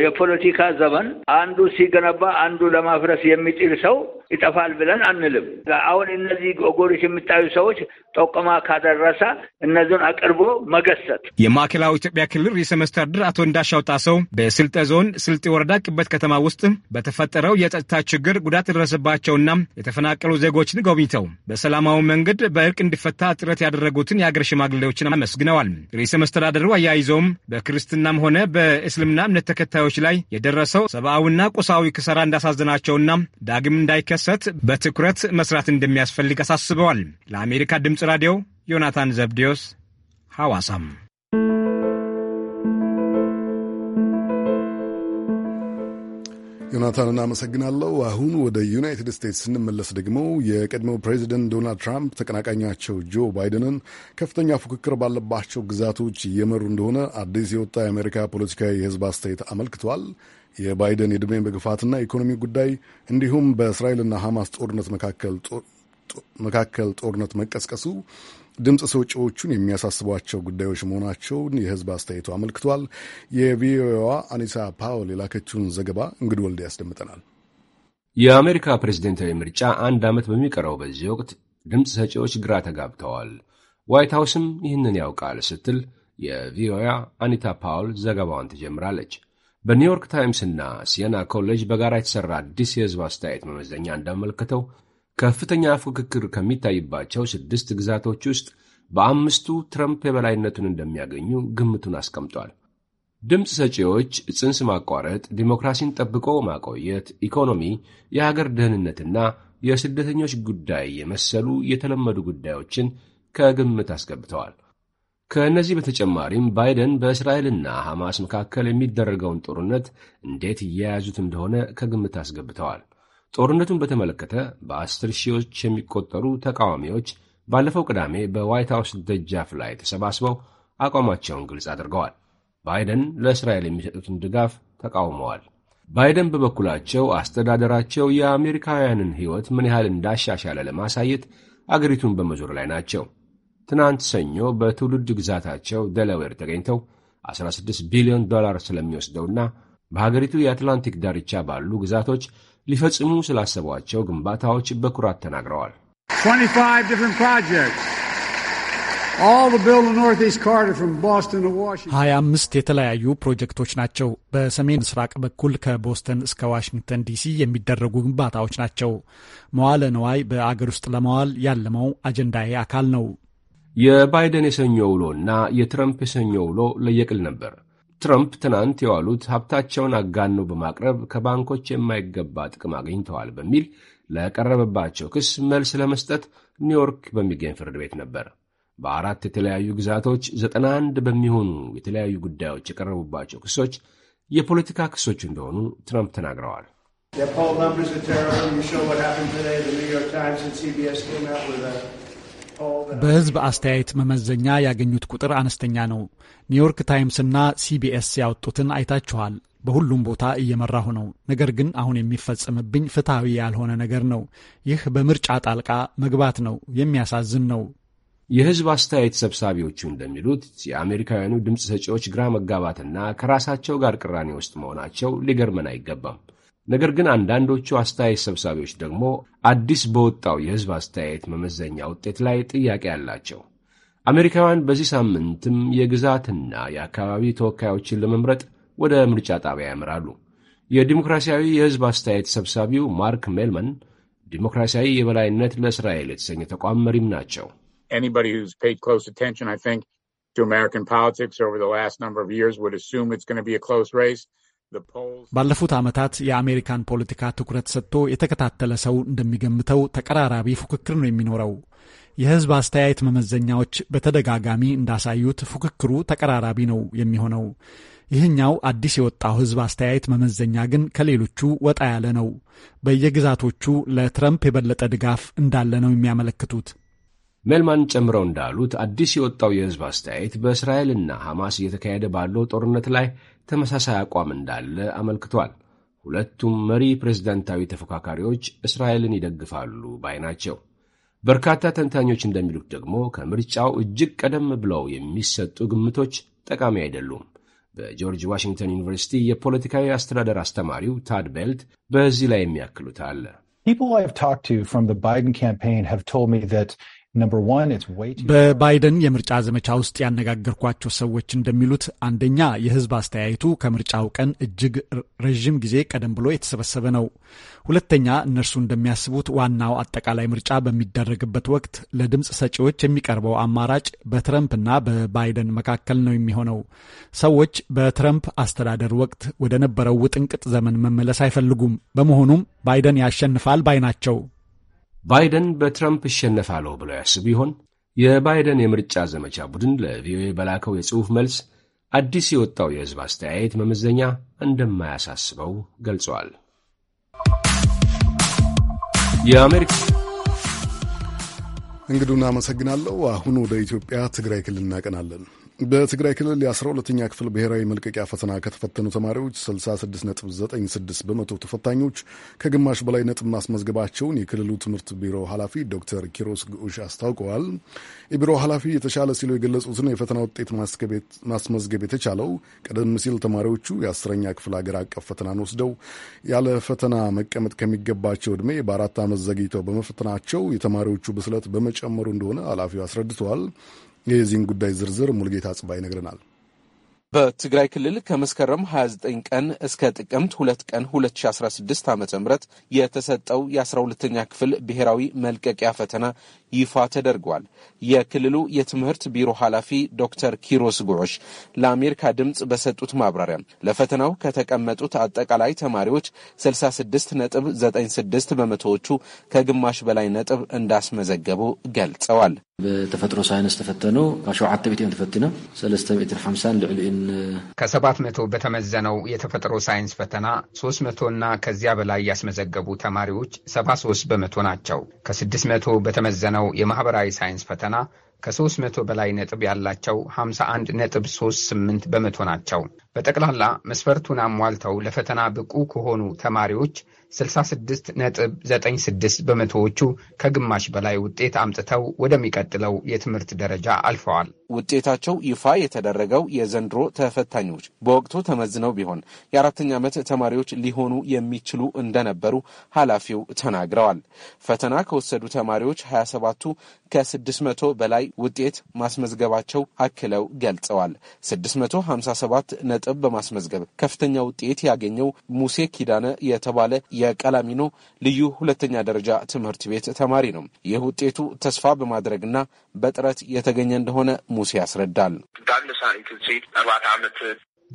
የፖለቲካ ዘመን አንዱ ሲገነባ አንዱ ለማፍረስ የሚጥል ሰው ይጠፋል ብለን አንልም። አሁን እነዚህ ጎጎሪች የሚታዩ ሰዎች ጠቆማ ካደረሰ እነዚን አቅርቦ መገሰት የማዕከላዊ ኢትዮጵያ ክልል ርዕሰ መስተዳድር አቶ አቶ እንዳሻው ጣሰው በስልጠ ዞን ስልጤ ወረዳ ቅበት ከተማ ውስጥ በተፈጠረው የጸጥታ ችግር ጉዳት የደረሰባቸውና የተፈናቀሉ ዜጎችን ጎብኝተው በሰላማዊ መንገድ በእርቅ እንዲፈታ ጥረት ያደረጉትን የአገር ሽማግሌዎችን አመስግነዋል። ርዕሰ መስተዳደሩ አያይዘውም በክርስትናም ሆነ በእስልምና እምነት ተከታዮች ላይ የደረሰው ሰብአዊና ቁሳዊ ክሰራ እንዳሳዘናቸውና ዳግም እንዳይከሰት በትኩረት መስራት እንደሚያስፈልግ አሳስበዋል። ለአሜሪካ ድምፅ ራዲዮ ዮናታን ዘብዴዎስ ሐዋሳም ዮናታን እናመሰግናለሁ። አሁን ወደ ዩናይትድ ስቴትስ ስንመለስ ደግሞ የቀድሞው ፕሬዚደንት ዶናልድ ትራምፕ ተቀናቃኛቸው ጆ ባይደንን ከፍተኛ ፉክክር ባለባቸው ግዛቶች እየመሩ እንደሆነ አዲስ የወጣ የአሜሪካ ፖለቲካዊ የሕዝብ አስተያየት አመልክቷል። የባይደን የዕድሜ መግፋትና ኢኮኖሚ ጉዳይ እንዲሁም በእስራኤልና ሐማስ ጦርነት መካከል ጦርነት መቀስቀሱ ድምፅ ሰጪዎቹን የሚያሳስቧቸው ጉዳዮች መሆናቸውን የህዝብ አስተያየቱ አመልክቷል። የቪኦኤዋ አኒሳ ፓውል የላከችውን ዘገባ እንግድ ወልድ ያስደምጠናል። የአሜሪካ ፕሬዝደንታዊ ምርጫ አንድ ዓመት በሚቀረው በዚህ ወቅት ድምፅ ሰጪዎች ግራ ተጋብተዋል። ዋይት ሃውስም ይህንን ያውቃል ስትል የቪኦኤዋ አኒታ ፓውል ዘገባዋን ትጀምራለች። በኒውዮርክ ታይምስ እና ሲየና ኮሌጅ በጋራ የተሠራ አዲስ የህዝብ አስተያየት መመዘኛ እንዳመለከተው ከፍተኛ ፉክክር ከሚታይባቸው ስድስት ግዛቶች ውስጥ በአምስቱ ትረምፕ የበላይነቱን እንደሚያገኙ ግምቱን አስቀምጧል። ድምፅ ሰጪዎች ጽንስ ማቋረጥ፣ ዲሞክራሲን ጠብቆ ማቆየት፣ ኢኮኖሚ፣ የሀገር ደህንነትና የስደተኞች ጉዳይ የመሰሉ የተለመዱ ጉዳዮችን ከግምት አስገብተዋል። ከእነዚህ በተጨማሪም ባይደን በእስራኤልና ሐማስ መካከል የሚደረገውን ጦርነት እንዴት እየያዙት እንደሆነ ከግምት አስገብተዋል። ጦርነቱን በተመለከተ በአስር ሺዎች የሚቆጠሩ ተቃዋሚዎች ባለፈው ቅዳሜ በዋይት ሀውስ ደጃፍ ላይ ተሰባስበው አቋማቸውን ግልጽ አድርገዋል። ባይደን ለእስራኤል የሚሰጡትን ድጋፍ ተቃውመዋል። ባይደን በበኩላቸው አስተዳደራቸው የአሜሪካውያንን ሕይወት ምን ያህል እንዳሻሻለ ለማሳየት አገሪቱን በመዞር ላይ ናቸው። ትናንት ሰኞ በትውልድ ግዛታቸው ደለዌር ተገኝተው 16 ቢሊዮን ዶላር ስለሚወስደውና በሀገሪቱ የአትላንቲክ ዳርቻ ባሉ ግዛቶች ሊፈጽሙ ስላሰቧቸው ግንባታዎች በኩራት ተናግረዋል። ሀያ አምስት የተለያዩ ፕሮጀክቶች ናቸው። በሰሜን ምስራቅ በኩል ከቦስተን እስከ ዋሽንግተን ዲሲ የሚደረጉ ግንባታዎች ናቸው። መዋለ ነዋይ በአገር ውስጥ ለማዋል ያለመው አጀንዳዬ አካል ነው። የባይደን የሰኞ ውሎ እና የትረምፕ የሰኞ ውሎ ለየቅል ነበር። ትረምፕ ትናንት የዋሉት ሀብታቸውን አጋኖ በማቅረብ ከባንኮች የማይገባ ጥቅም አግኝተዋል በሚል ለቀረበባቸው ክስ መልስ ለመስጠት ኒውዮርክ በሚገኝ ፍርድ ቤት ነበር። በአራት የተለያዩ ግዛቶች ዘጠና አንድ በሚሆኑ የተለያዩ ጉዳዮች የቀረቡባቸው ክሶች የፖለቲካ ክሶች እንደሆኑ ትረምፕ ተናግረዋል። በህዝብ አስተያየት መመዘኛ ያገኙት ቁጥር አነስተኛ ነው። ኒውዮርክ ታይምስና ሲቢኤስ ያወጡትን አይታችኋል። በሁሉም ቦታ እየመራሁ ነው። ነገር ግን አሁን የሚፈጸምብኝ ፍትሐዊ ያልሆነ ነገር ነው። ይህ በምርጫ ጣልቃ መግባት ነው። የሚያሳዝን ነው። የህዝብ አስተያየት ሰብሳቢዎቹ እንደሚሉት የአሜሪካውያኑ ድምፅ ሰጪዎች ግራ መጋባትና ከራሳቸው ጋር ቅራኔ ውስጥ መሆናቸው ሊገርመን አይገባም። ነገር ግን አንዳንዶቹ አስተያየት ሰብሳቢዎች ደግሞ አዲስ በወጣው የሕዝብ አስተያየት መመዘኛ ውጤት ላይ ጥያቄ አላቸው። አሜሪካውያን በዚህ ሳምንትም የግዛትና የአካባቢ ተወካዮችን ለመምረጥ ወደ ምርጫ ጣቢያ ያምራሉ። የዲሞክራሲያዊ የሕዝብ አስተያየት ሰብሳቢው ማርክ ሜልመን ዲሞክራሲያዊ የበላይነት ለእስራኤል የተሰኘ ተቋም መሪም ናቸው። ባለፉት ዓመታት የአሜሪካን ፖለቲካ ትኩረት ሰጥቶ የተከታተለ ሰው እንደሚገምተው ተቀራራቢ ፉክክር ነው የሚኖረው። የሕዝብ አስተያየት መመዘኛዎች በተደጋጋሚ እንዳሳዩት ፉክክሩ ተቀራራቢ ነው የሚሆነው። ይህኛው አዲስ የወጣው ሕዝብ አስተያየት መመዘኛ ግን ከሌሎቹ ወጣ ያለ ነው። በየግዛቶቹ ለትረምፕ የበለጠ ድጋፍ እንዳለ ነው የሚያመለክቱት። ሜልማን ጨምረው እንዳሉት አዲስ የወጣው የሕዝብ አስተያየት በእስራኤልና ሐማስ እየተካሄደ ባለው ጦርነት ላይ ተመሳሳይ አቋም እንዳለ አመልክቷል። ሁለቱም መሪ ፕሬዝዳንታዊ ተፎካካሪዎች እስራኤልን ይደግፋሉ ባይ ናቸው። በርካታ ተንታኞች እንደሚሉት ደግሞ ከምርጫው እጅግ ቀደም ብለው የሚሰጡ ግምቶች ጠቃሚ አይደሉም። በጆርጅ ዋሽንግተን ዩኒቨርሲቲ የፖለቲካዊ አስተዳደር አስተማሪው ታድ ቤልት በዚህ ላይ የሚያክሉት አለ። በባይደን የምርጫ ዘመቻ ውስጥ ያነጋገርኳቸው ሰዎች እንደሚሉት አንደኛ የሕዝብ አስተያየቱ ከምርጫው ቀን እጅግ ረዥም ጊዜ ቀደም ብሎ የተሰበሰበ ነው። ሁለተኛ እነርሱ እንደሚያስቡት ዋናው አጠቃላይ ምርጫ በሚደረግበት ወቅት ለድምፅ ሰጪዎች የሚቀርበው አማራጭ በትረምፕና በባይደን መካከል ነው የሚሆነው። ሰዎች በትረምፕ አስተዳደር ወቅት ወደ ነበረው ውጥንቅጥ ዘመን መመለስ አይፈልጉም። በመሆኑም ባይደን ያሸንፋል ባይ ናቸው። ባይደን በትረምፕ እሸነፋለሁ ብለው ያስቡ ይሆን? የባይደን የምርጫ ዘመቻ ቡድን ለቪኦኤ በላከው የጽሑፍ መልስ አዲስ የወጣው የሕዝብ አስተያየት መመዘኛ እንደማያሳስበው ገልጸዋል። የአሜሪካ እንግዱን አመሰግናለሁ። አሁን ወደ ኢትዮጵያ ትግራይ ክልል እናቀናለን። በትግራይ ክልል የ12ኛ ክፍል ብሔራዊ መልቀቂያ ፈተና ከተፈተኑ ተማሪዎች 66.96 በመቶ ተፈታኞች ከግማሽ በላይ ነጥብ ማስመዝገባቸውን የክልሉ ትምህርት ቢሮ ኃላፊ ዶክተር ኪሮስ ግዑሽ አስታውቀዋል። የቢሮ ኃላፊ የተሻለ ሲሉ የገለጹትን የፈተና ውጤት ማስመዝገብ የተቻለው ቀደም ሲል ተማሪዎቹ የአስረኛ ክፍል ሀገር አቀፍ ፈተናን ወስደው ያለ ፈተና መቀመጥ ከሚገባቸው ዕድሜ በአራት ዓመት ዘግይተው በመፈተናቸው የተማሪዎቹ ብስለት በመጨመሩ እንደሆነ ኃላፊው አስረድተዋል። የዚህን ጉዳይ ዝርዝር ሙልጌታ ጽባ ይነግረናል። በትግራይ ክልል ከመስከረም 29 ቀን እስከ ጥቅምት 2 ቀን 2016 ዓ ም የተሰጠው የ12ኛ ክፍል ብሔራዊ መልቀቂያ ፈተና ይፋ ተደርጓል። የክልሉ የትምህርት ቢሮ ኃላፊ ዶክተር ኪሮስ ጉዑሽ ለአሜሪካ ድምፅ በሰጡት ማብራሪያ ለፈተናው ከተቀመጡት አጠቃላይ ተማሪዎች 66.96 በመቶዎቹ ከግማሽ በላይ ነጥብ እንዳስመዘገቡ ገልጸዋል። ብተፈጥሮ ሳይንስ ተፈተኑ ሸዓተ ሰለስተ ሓምሳን ልዕሊኡን ከሰባት መቶ በተመዘነው የተፈጥሮ ሳይንስ ፈተና ሶስት መቶ እና ከዚያ በላይ ያስመዘገቡ ተማሪዎች ሰባ ሶስት በመቶ ናቸው። ከስድስት መቶ በተመዘነው የተፈተነው የማህበራዊ ሳይንስ ፈተና ከ300 በላይ ነጥብ ያላቸው 51.38 በመቶ ናቸው። በጠቅላላ መስፈርቱን አሟልተው ለፈተና ብቁ ከሆኑ ተማሪዎች 66.96 በመቶዎቹ ከግማሽ በላይ ውጤት አምጥተው ወደሚቀጥለው የትምህርት ደረጃ አልፈዋል። ውጤታቸው ይፋ የተደረገው የዘንድሮ ተፈታኞች በወቅቱ ተመዝነው ቢሆን የአራተኛ ዓመት ተማሪዎች ሊሆኑ የሚችሉ እንደነበሩ ኃላፊው ተናግረዋል። ፈተና ከወሰዱ ተማሪዎች 27ቱ ከ600 በላይ ውጤት ማስመዝገባቸው አክለው ገልጸዋል። 657 ነጥብ በማስመዝገብ ከፍተኛ ውጤት ያገኘው ሙሴ ኪዳነ የተባለ የቀላሚኖ ልዩ ሁለተኛ ደረጃ ትምህርት ቤት ተማሪ ነው። ይህ ውጤቱ ተስፋ በማድረግና በጥረት የተገኘ እንደሆነ ሙሴ ያስረዳል።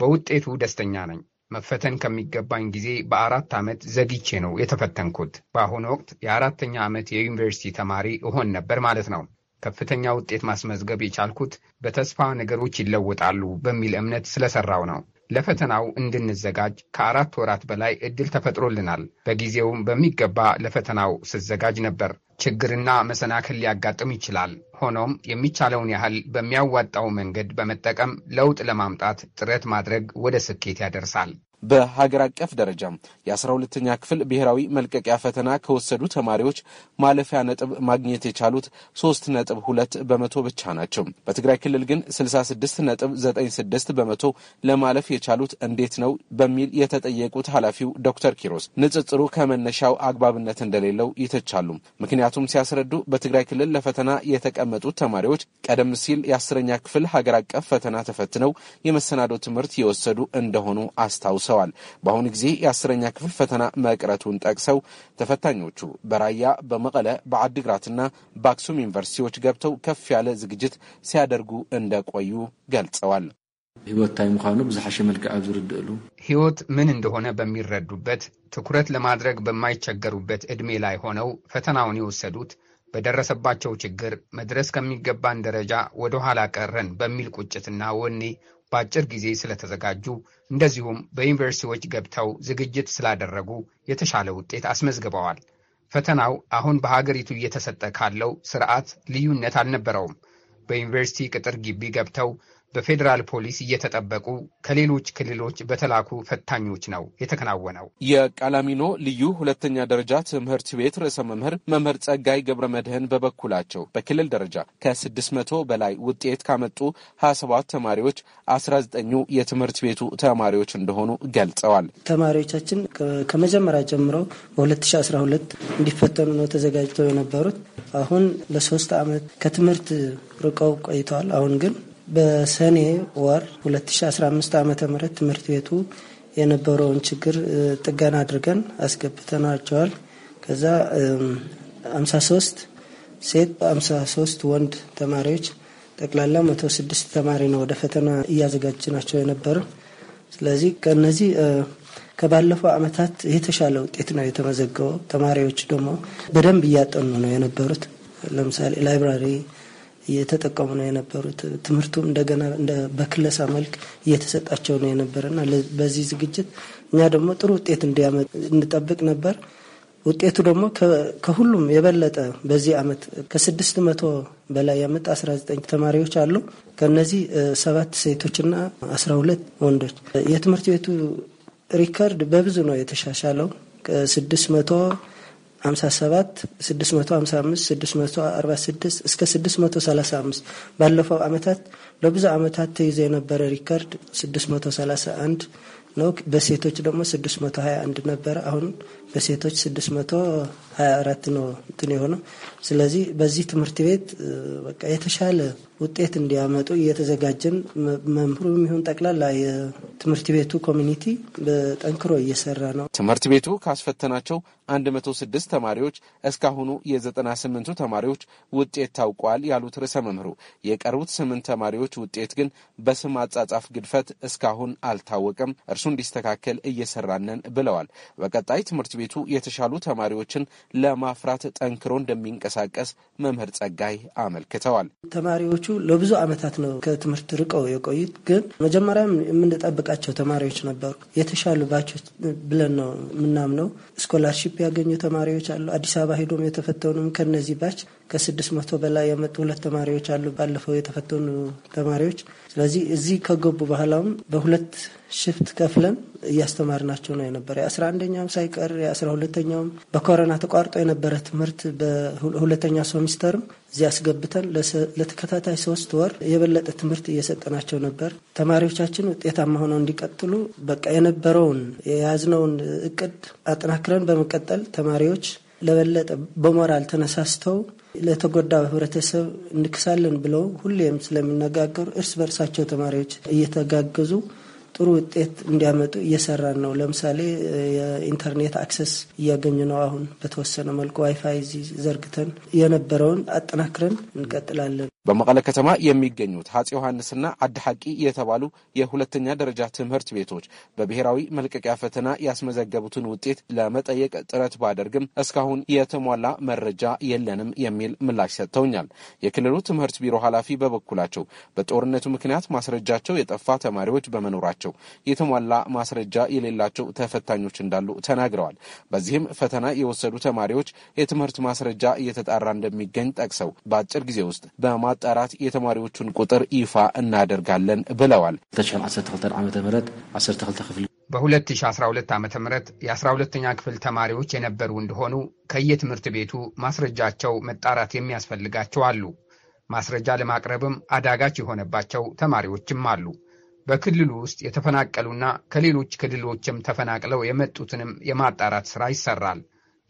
በውጤቱ ደስተኛ ነኝ። መፈተን ከሚገባኝ ጊዜ በአራት ዓመት ዘግቼ ነው የተፈተንኩት። በአሁኑ ወቅት የአራተኛ ዓመት የዩኒቨርሲቲ ተማሪ እሆን ነበር ማለት ነው። ከፍተኛ ውጤት ማስመዝገብ የቻልኩት በተስፋ ነገሮች ይለወጣሉ በሚል እምነት ስለሰራው ነው። ለፈተናው እንድንዘጋጅ ከአራት ወራት በላይ እድል ተፈጥሮልናል። በጊዜውም በሚገባ ለፈተናው ስዘጋጅ ነበር። ችግርና መሰናክል ሊያጋጥም ይችላል። ሆኖም የሚቻለውን ያህል በሚያዋጣው መንገድ በመጠቀም ለውጥ ለማምጣት ጥረት ማድረግ ወደ ስኬት ያደርሳል። በሀገር አቀፍ ደረጃ የአስራ ሁለተኛ ክፍል ብሔራዊ መልቀቂያ ፈተና ከወሰዱ ተማሪዎች ማለፊያ ነጥብ ማግኘት የቻሉት ሶስት ነጥብ ሁለት በመቶ ብቻ ናቸው። በትግራይ ክልል ግን ስልሳ ስድስት ነጥብ ዘጠኝ ስድስት በመቶ ለማለፍ የቻሉት እንዴት ነው በሚል የተጠየቁት ኃላፊው ዶክተር ኪሮስ ንጽጽሩ ከመነሻው አግባብነት እንደሌለው ይተቻሉ። ምክንያቱም ሲያስረዱ በትግራይ ክልል ለፈተና የተቀመጡት ተማሪዎች ቀደም ሲል የአስረኛ ክፍል ሀገር አቀፍ ፈተና ተፈትነው የመሰናዶ ትምህርት የወሰዱ እንደሆኑ አስታውሰው ጠቅሰዋል። በአሁኑ ጊዜ የአስረኛ ክፍል ፈተና መቅረቱን ጠቅሰው ተፈታኞቹ በራያ በመቀለ በአዲግራትና በአክሱም ዩኒቨርሲቲዎች ገብተው ከፍ ያለ ዝግጅት ሲያደርጉ እንደቆዩ ገልጸዋል። ህይወት ታይ ምዃኑ ብዝሓሸ መልክዕ ኣብ ዝርድእሉ ህይወት ምን እንደሆነ በሚረዱበት ትኩረት ለማድረግ በማይቸገሩበት ዕድሜ ላይ ሆነው ፈተናውን የወሰዱት በደረሰባቸው ችግር መድረስ ከሚገባን ደረጃ ወደ ኋላ ቀረን በሚል ቁጭትና ወኔ በአጭር ጊዜ ስለተዘጋጁ እንደዚሁም በዩኒቨርሲቲዎች ገብተው ዝግጅት ስላደረጉ የተሻለ ውጤት አስመዝግበዋል። ፈተናው አሁን በሀገሪቱ እየተሰጠ ካለው ስርዓት ልዩነት አልነበረውም። በዩኒቨርሲቲ ቅጥር ግቢ ገብተው በፌዴራል ፖሊስ እየተጠበቁ ከሌሎች ክልሎች በተላኩ ፈታኞች ነው የተከናወነው። የቃላሚኖ ልዩ ሁለተኛ ደረጃ ትምህርት ቤት ርዕሰ መምህር መምህር ጸጋይ ገብረ መድህን በበኩላቸው በክልል ደረጃ ከ600 በላይ ውጤት ካመጡ 27 ተማሪዎች 19ኙ የትምህርት ቤቱ ተማሪዎች እንደሆኑ ገልጸዋል። ተማሪዎቻችን ከመጀመሪያ ጀምሮ በ2012 እንዲፈተኑ ነው ተዘጋጅተው የነበሩት። አሁን ለሶስት ዓመት ከትምህርት ርቀው ቆይተዋል። አሁን ግን በሰኔ ወር 2015 ም ትምህርት ቤቱ የነበረውን ችግር ጥገና አድርገን አስገብተናቸዋል። ከዛ 53 ሴት 53 ወንድ ተማሪዎች ጠቅላላ 106 ተማሪ ነው ወደ ፈተና እያዘጋጅናቸው የነበረ። ስለዚህ ከነዚህ ከባለፈው ዓመታት የተሻለ ውጤት ነው የተመዘገበው። ተማሪዎች ደግሞ በደንብ እያጠኑ ነው የነበሩት። ለምሳሌ ላይብራሪ እየተጠቀሙ ነው የነበሩት። ትምህርቱም እንደገና በክለሳ መልክ እየተሰጣቸው ነው የነበረና በዚህ ዝግጅት እኛ ደግሞ ጥሩ ውጤት እንጠብቅ ነበር። ውጤቱ ደግሞ ከሁሉም የበለጠ በዚህ አመት ከስድስት መቶ በላይ ያመጣ 19 ተማሪዎች አሉ። ከነዚህ ሰባት ሴቶችና 12 ወንዶች። የትምህርት ቤቱ ሪከርድ በብዙ ነው የተሻሻለው ከስድስት መቶ 57 655 646 እስከ 635 ባለፈው አመታት ለብዙ አመታት ተይዞ የነበረ ሪከርድ 631 ነው። በሴቶች ደግሞ 621 ነበረ። አሁን በሴቶች 624 ነው እንትን የሆነው። ስለዚህ በዚህ ትምህርት ቤት በቃ የተሻለ ውጤት እንዲያመጡ እየተዘጋጀን መምህሩም የሚሆን ጠቅላላ የትምህርት ቤቱ ኮሚኒቲ በጠንክሮ እየሰራ ነው። ትምህርት ቤቱ ካስፈተናቸው 106 ተማሪዎች እስካሁኑ የ98ቱ ተማሪዎች ውጤት ታውቋል ያሉት ርዕሰ መምህሩ የቀሩት ስምንት ተማሪዎች ውጤት ግን በስም አጻጻፍ ግድፈት እስካሁን አልታወቀም፣ እርሱ እንዲስተካከል እየሰራነን ብለዋል። በቀጣይ ትምህርት ቤቱ የተሻሉ ተማሪዎችን ለማፍራት ጠንክሮ እንደሚንቀሳቀስ መምህር ጸጋይ አመልክተዋል። ተማሪዎቹ ለብዙ አመታት ነው ከትምህርት ርቀው የቆዩት። ግን መጀመሪያም የምንጠብቃቸው ተማሪዎች ነበሩ። የተሻሉ ባቾች ብለን ነው የምናምነው። ስኮላርሺፕ ያገኙ ተማሪዎች አሉ። አዲስ አበባ ሄዶም የተፈተኑም ከነዚህ ባች ከስድስት መቶ በላይ የመጡ ሁለት ተማሪዎች አሉ፣ ባለፈው የተፈተኑ ተማሪዎች። ስለዚህ እዚህ ከገቡ በኋላም በሁለት ሽፍት ከፍለን እያስተማርናቸው ነው የነበረ። የአስራ ሳይቀር የአስራ ሁለተኛውም በኮሮና ተቋርጦ የነበረ ትምህርት በሁለተኛ ሶሚስተርም እዚህ አስገብተን ለተከታታይ ሶስት ወር የበለጠ ትምህርት እየሰጠናቸው ነበር። ተማሪዎቻችን ውጤታማ ሆነው እንዲቀጥሉ በቃ የነበረውን የያዝነውን እቅድ አጠናክረን በመቀጠል ተማሪዎች ለበለጠ በሞራል ተነሳስተው ለተጎዳው ህብረተሰብ እንክሳለን ብለው ሁሌም ስለሚነጋገሩ እርስ በርሳቸው ተማሪዎች እየተጋገዙ ጥሩ ውጤት እንዲያመጡ እየሰራን ነው። ለምሳሌ የኢንተርኔት አክሰስ እያገኙ ነው። አሁን በተወሰነ መልኩ ዋይፋይ እዚህ ዘርግተን የነበረውን አጠናክረን እንቀጥላለን። በመቀለ ከተማ የሚገኙት ሀፄ ዮሐንስና አድሐቂ የተባሉ የሁለተኛ ደረጃ ትምህርት ቤቶች በብሔራዊ መልቀቂያ ፈተና ያስመዘገቡትን ውጤት ለመጠየቅ ጥረት ባደርግም እስካሁን የተሟላ መረጃ የለንም የሚል ምላሽ ሰጥተውኛል። የክልሉ ትምህርት ቢሮ ኃላፊ በበኩላቸው በጦርነቱ ምክንያት ማስረጃቸው የጠፋ ተማሪዎች በመኖራቸው ናቸው። የተሟላ ማስረጃ የሌላቸው ተፈታኞች እንዳሉ ተናግረዋል። በዚህም ፈተና የወሰዱ ተማሪዎች የትምህርት ማስረጃ እየተጣራ እንደሚገኝ ጠቅሰው በአጭር ጊዜ ውስጥ በማጣራት የተማሪዎቹን ቁጥር ይፋ እናደርጋለን ብለዋል። በ2012 ዓ ም የ12ኛ ክፍል ተማሪዎች የነበሩ እንደሆኑ ከየትምህርት ቤቱ ማስረጃቸው መጣራት የሚያስፈልጋቸው አሉ። ማስረጃ ለማቅረብም አዳጋች የሆነባቸው ተማሪዎችም አሉ። በክልሉ ውስጥ የተፈናቀሉና ከሌሎች ክልሎችም ተፈናቅለው የመጡትንም የማጣራት ስራ ይሰራል።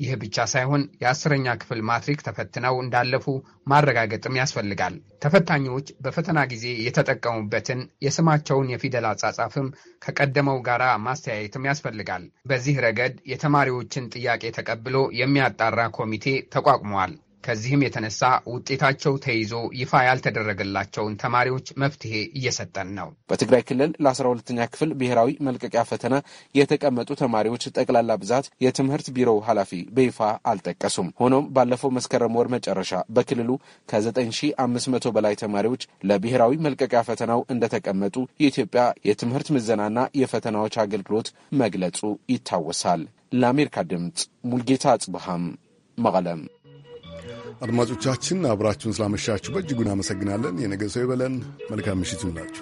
ይህ ብቻ ሳይሆን የአስረኛ ክፍል ማትሪክ ተፈትነው እንዳለፉ ማረጋገጥም ያስፈልጋል። ተፈታኞች በፈተና ጊዜ የተጠቀሙበትን የስማቸውን የፊደል አጻጻፍም ከቀደመው ጋር ማስተያየትም ያስፈልጋል። በዚህ ረገድ የተማሪዎችን ጥያቄ ተቀብሎ የሚያጣራ ኮሚቴ ተቋቁሟል። ከዚህም የተነሳ ውጤታቸው ተይዞ ይፋ ያልተደረገላቸውን ተማሪዎች መፍትሄ እየሰጠን ነው። በትግራይ ክልል ለ12ኛ ክፍል ብሔራዊ መልቀቂያ ፈተና የተቀመጡ ተማሪዎች ጠቅላላ ብዛት የትምህርት ቢሮው ኃላፊ በይፋ አልጠቀሱም። ሆኖም ባለፈው መስከረም ወር መጨረሻ በክልሉ ከ9500 በላይ ተማሪዎች ለብሔራዊ መልቀቂያ ፈተናው እንደተቀመጡ የኢትዮጵያ የትምህርት ምዘናና የፈተናዎች አገልግሎት መግለጹ ይታወሳል። ለአሜሪካ ድምፅ ሙልጌታ አጽብሃም መቀለም አድማጮቻችን አብራችሁን ስላመሻችሁ በእጅጉን አመሰግናለን። የነገ ሰው ይበለን። መልካም ምሽት ይሁንላችሁ።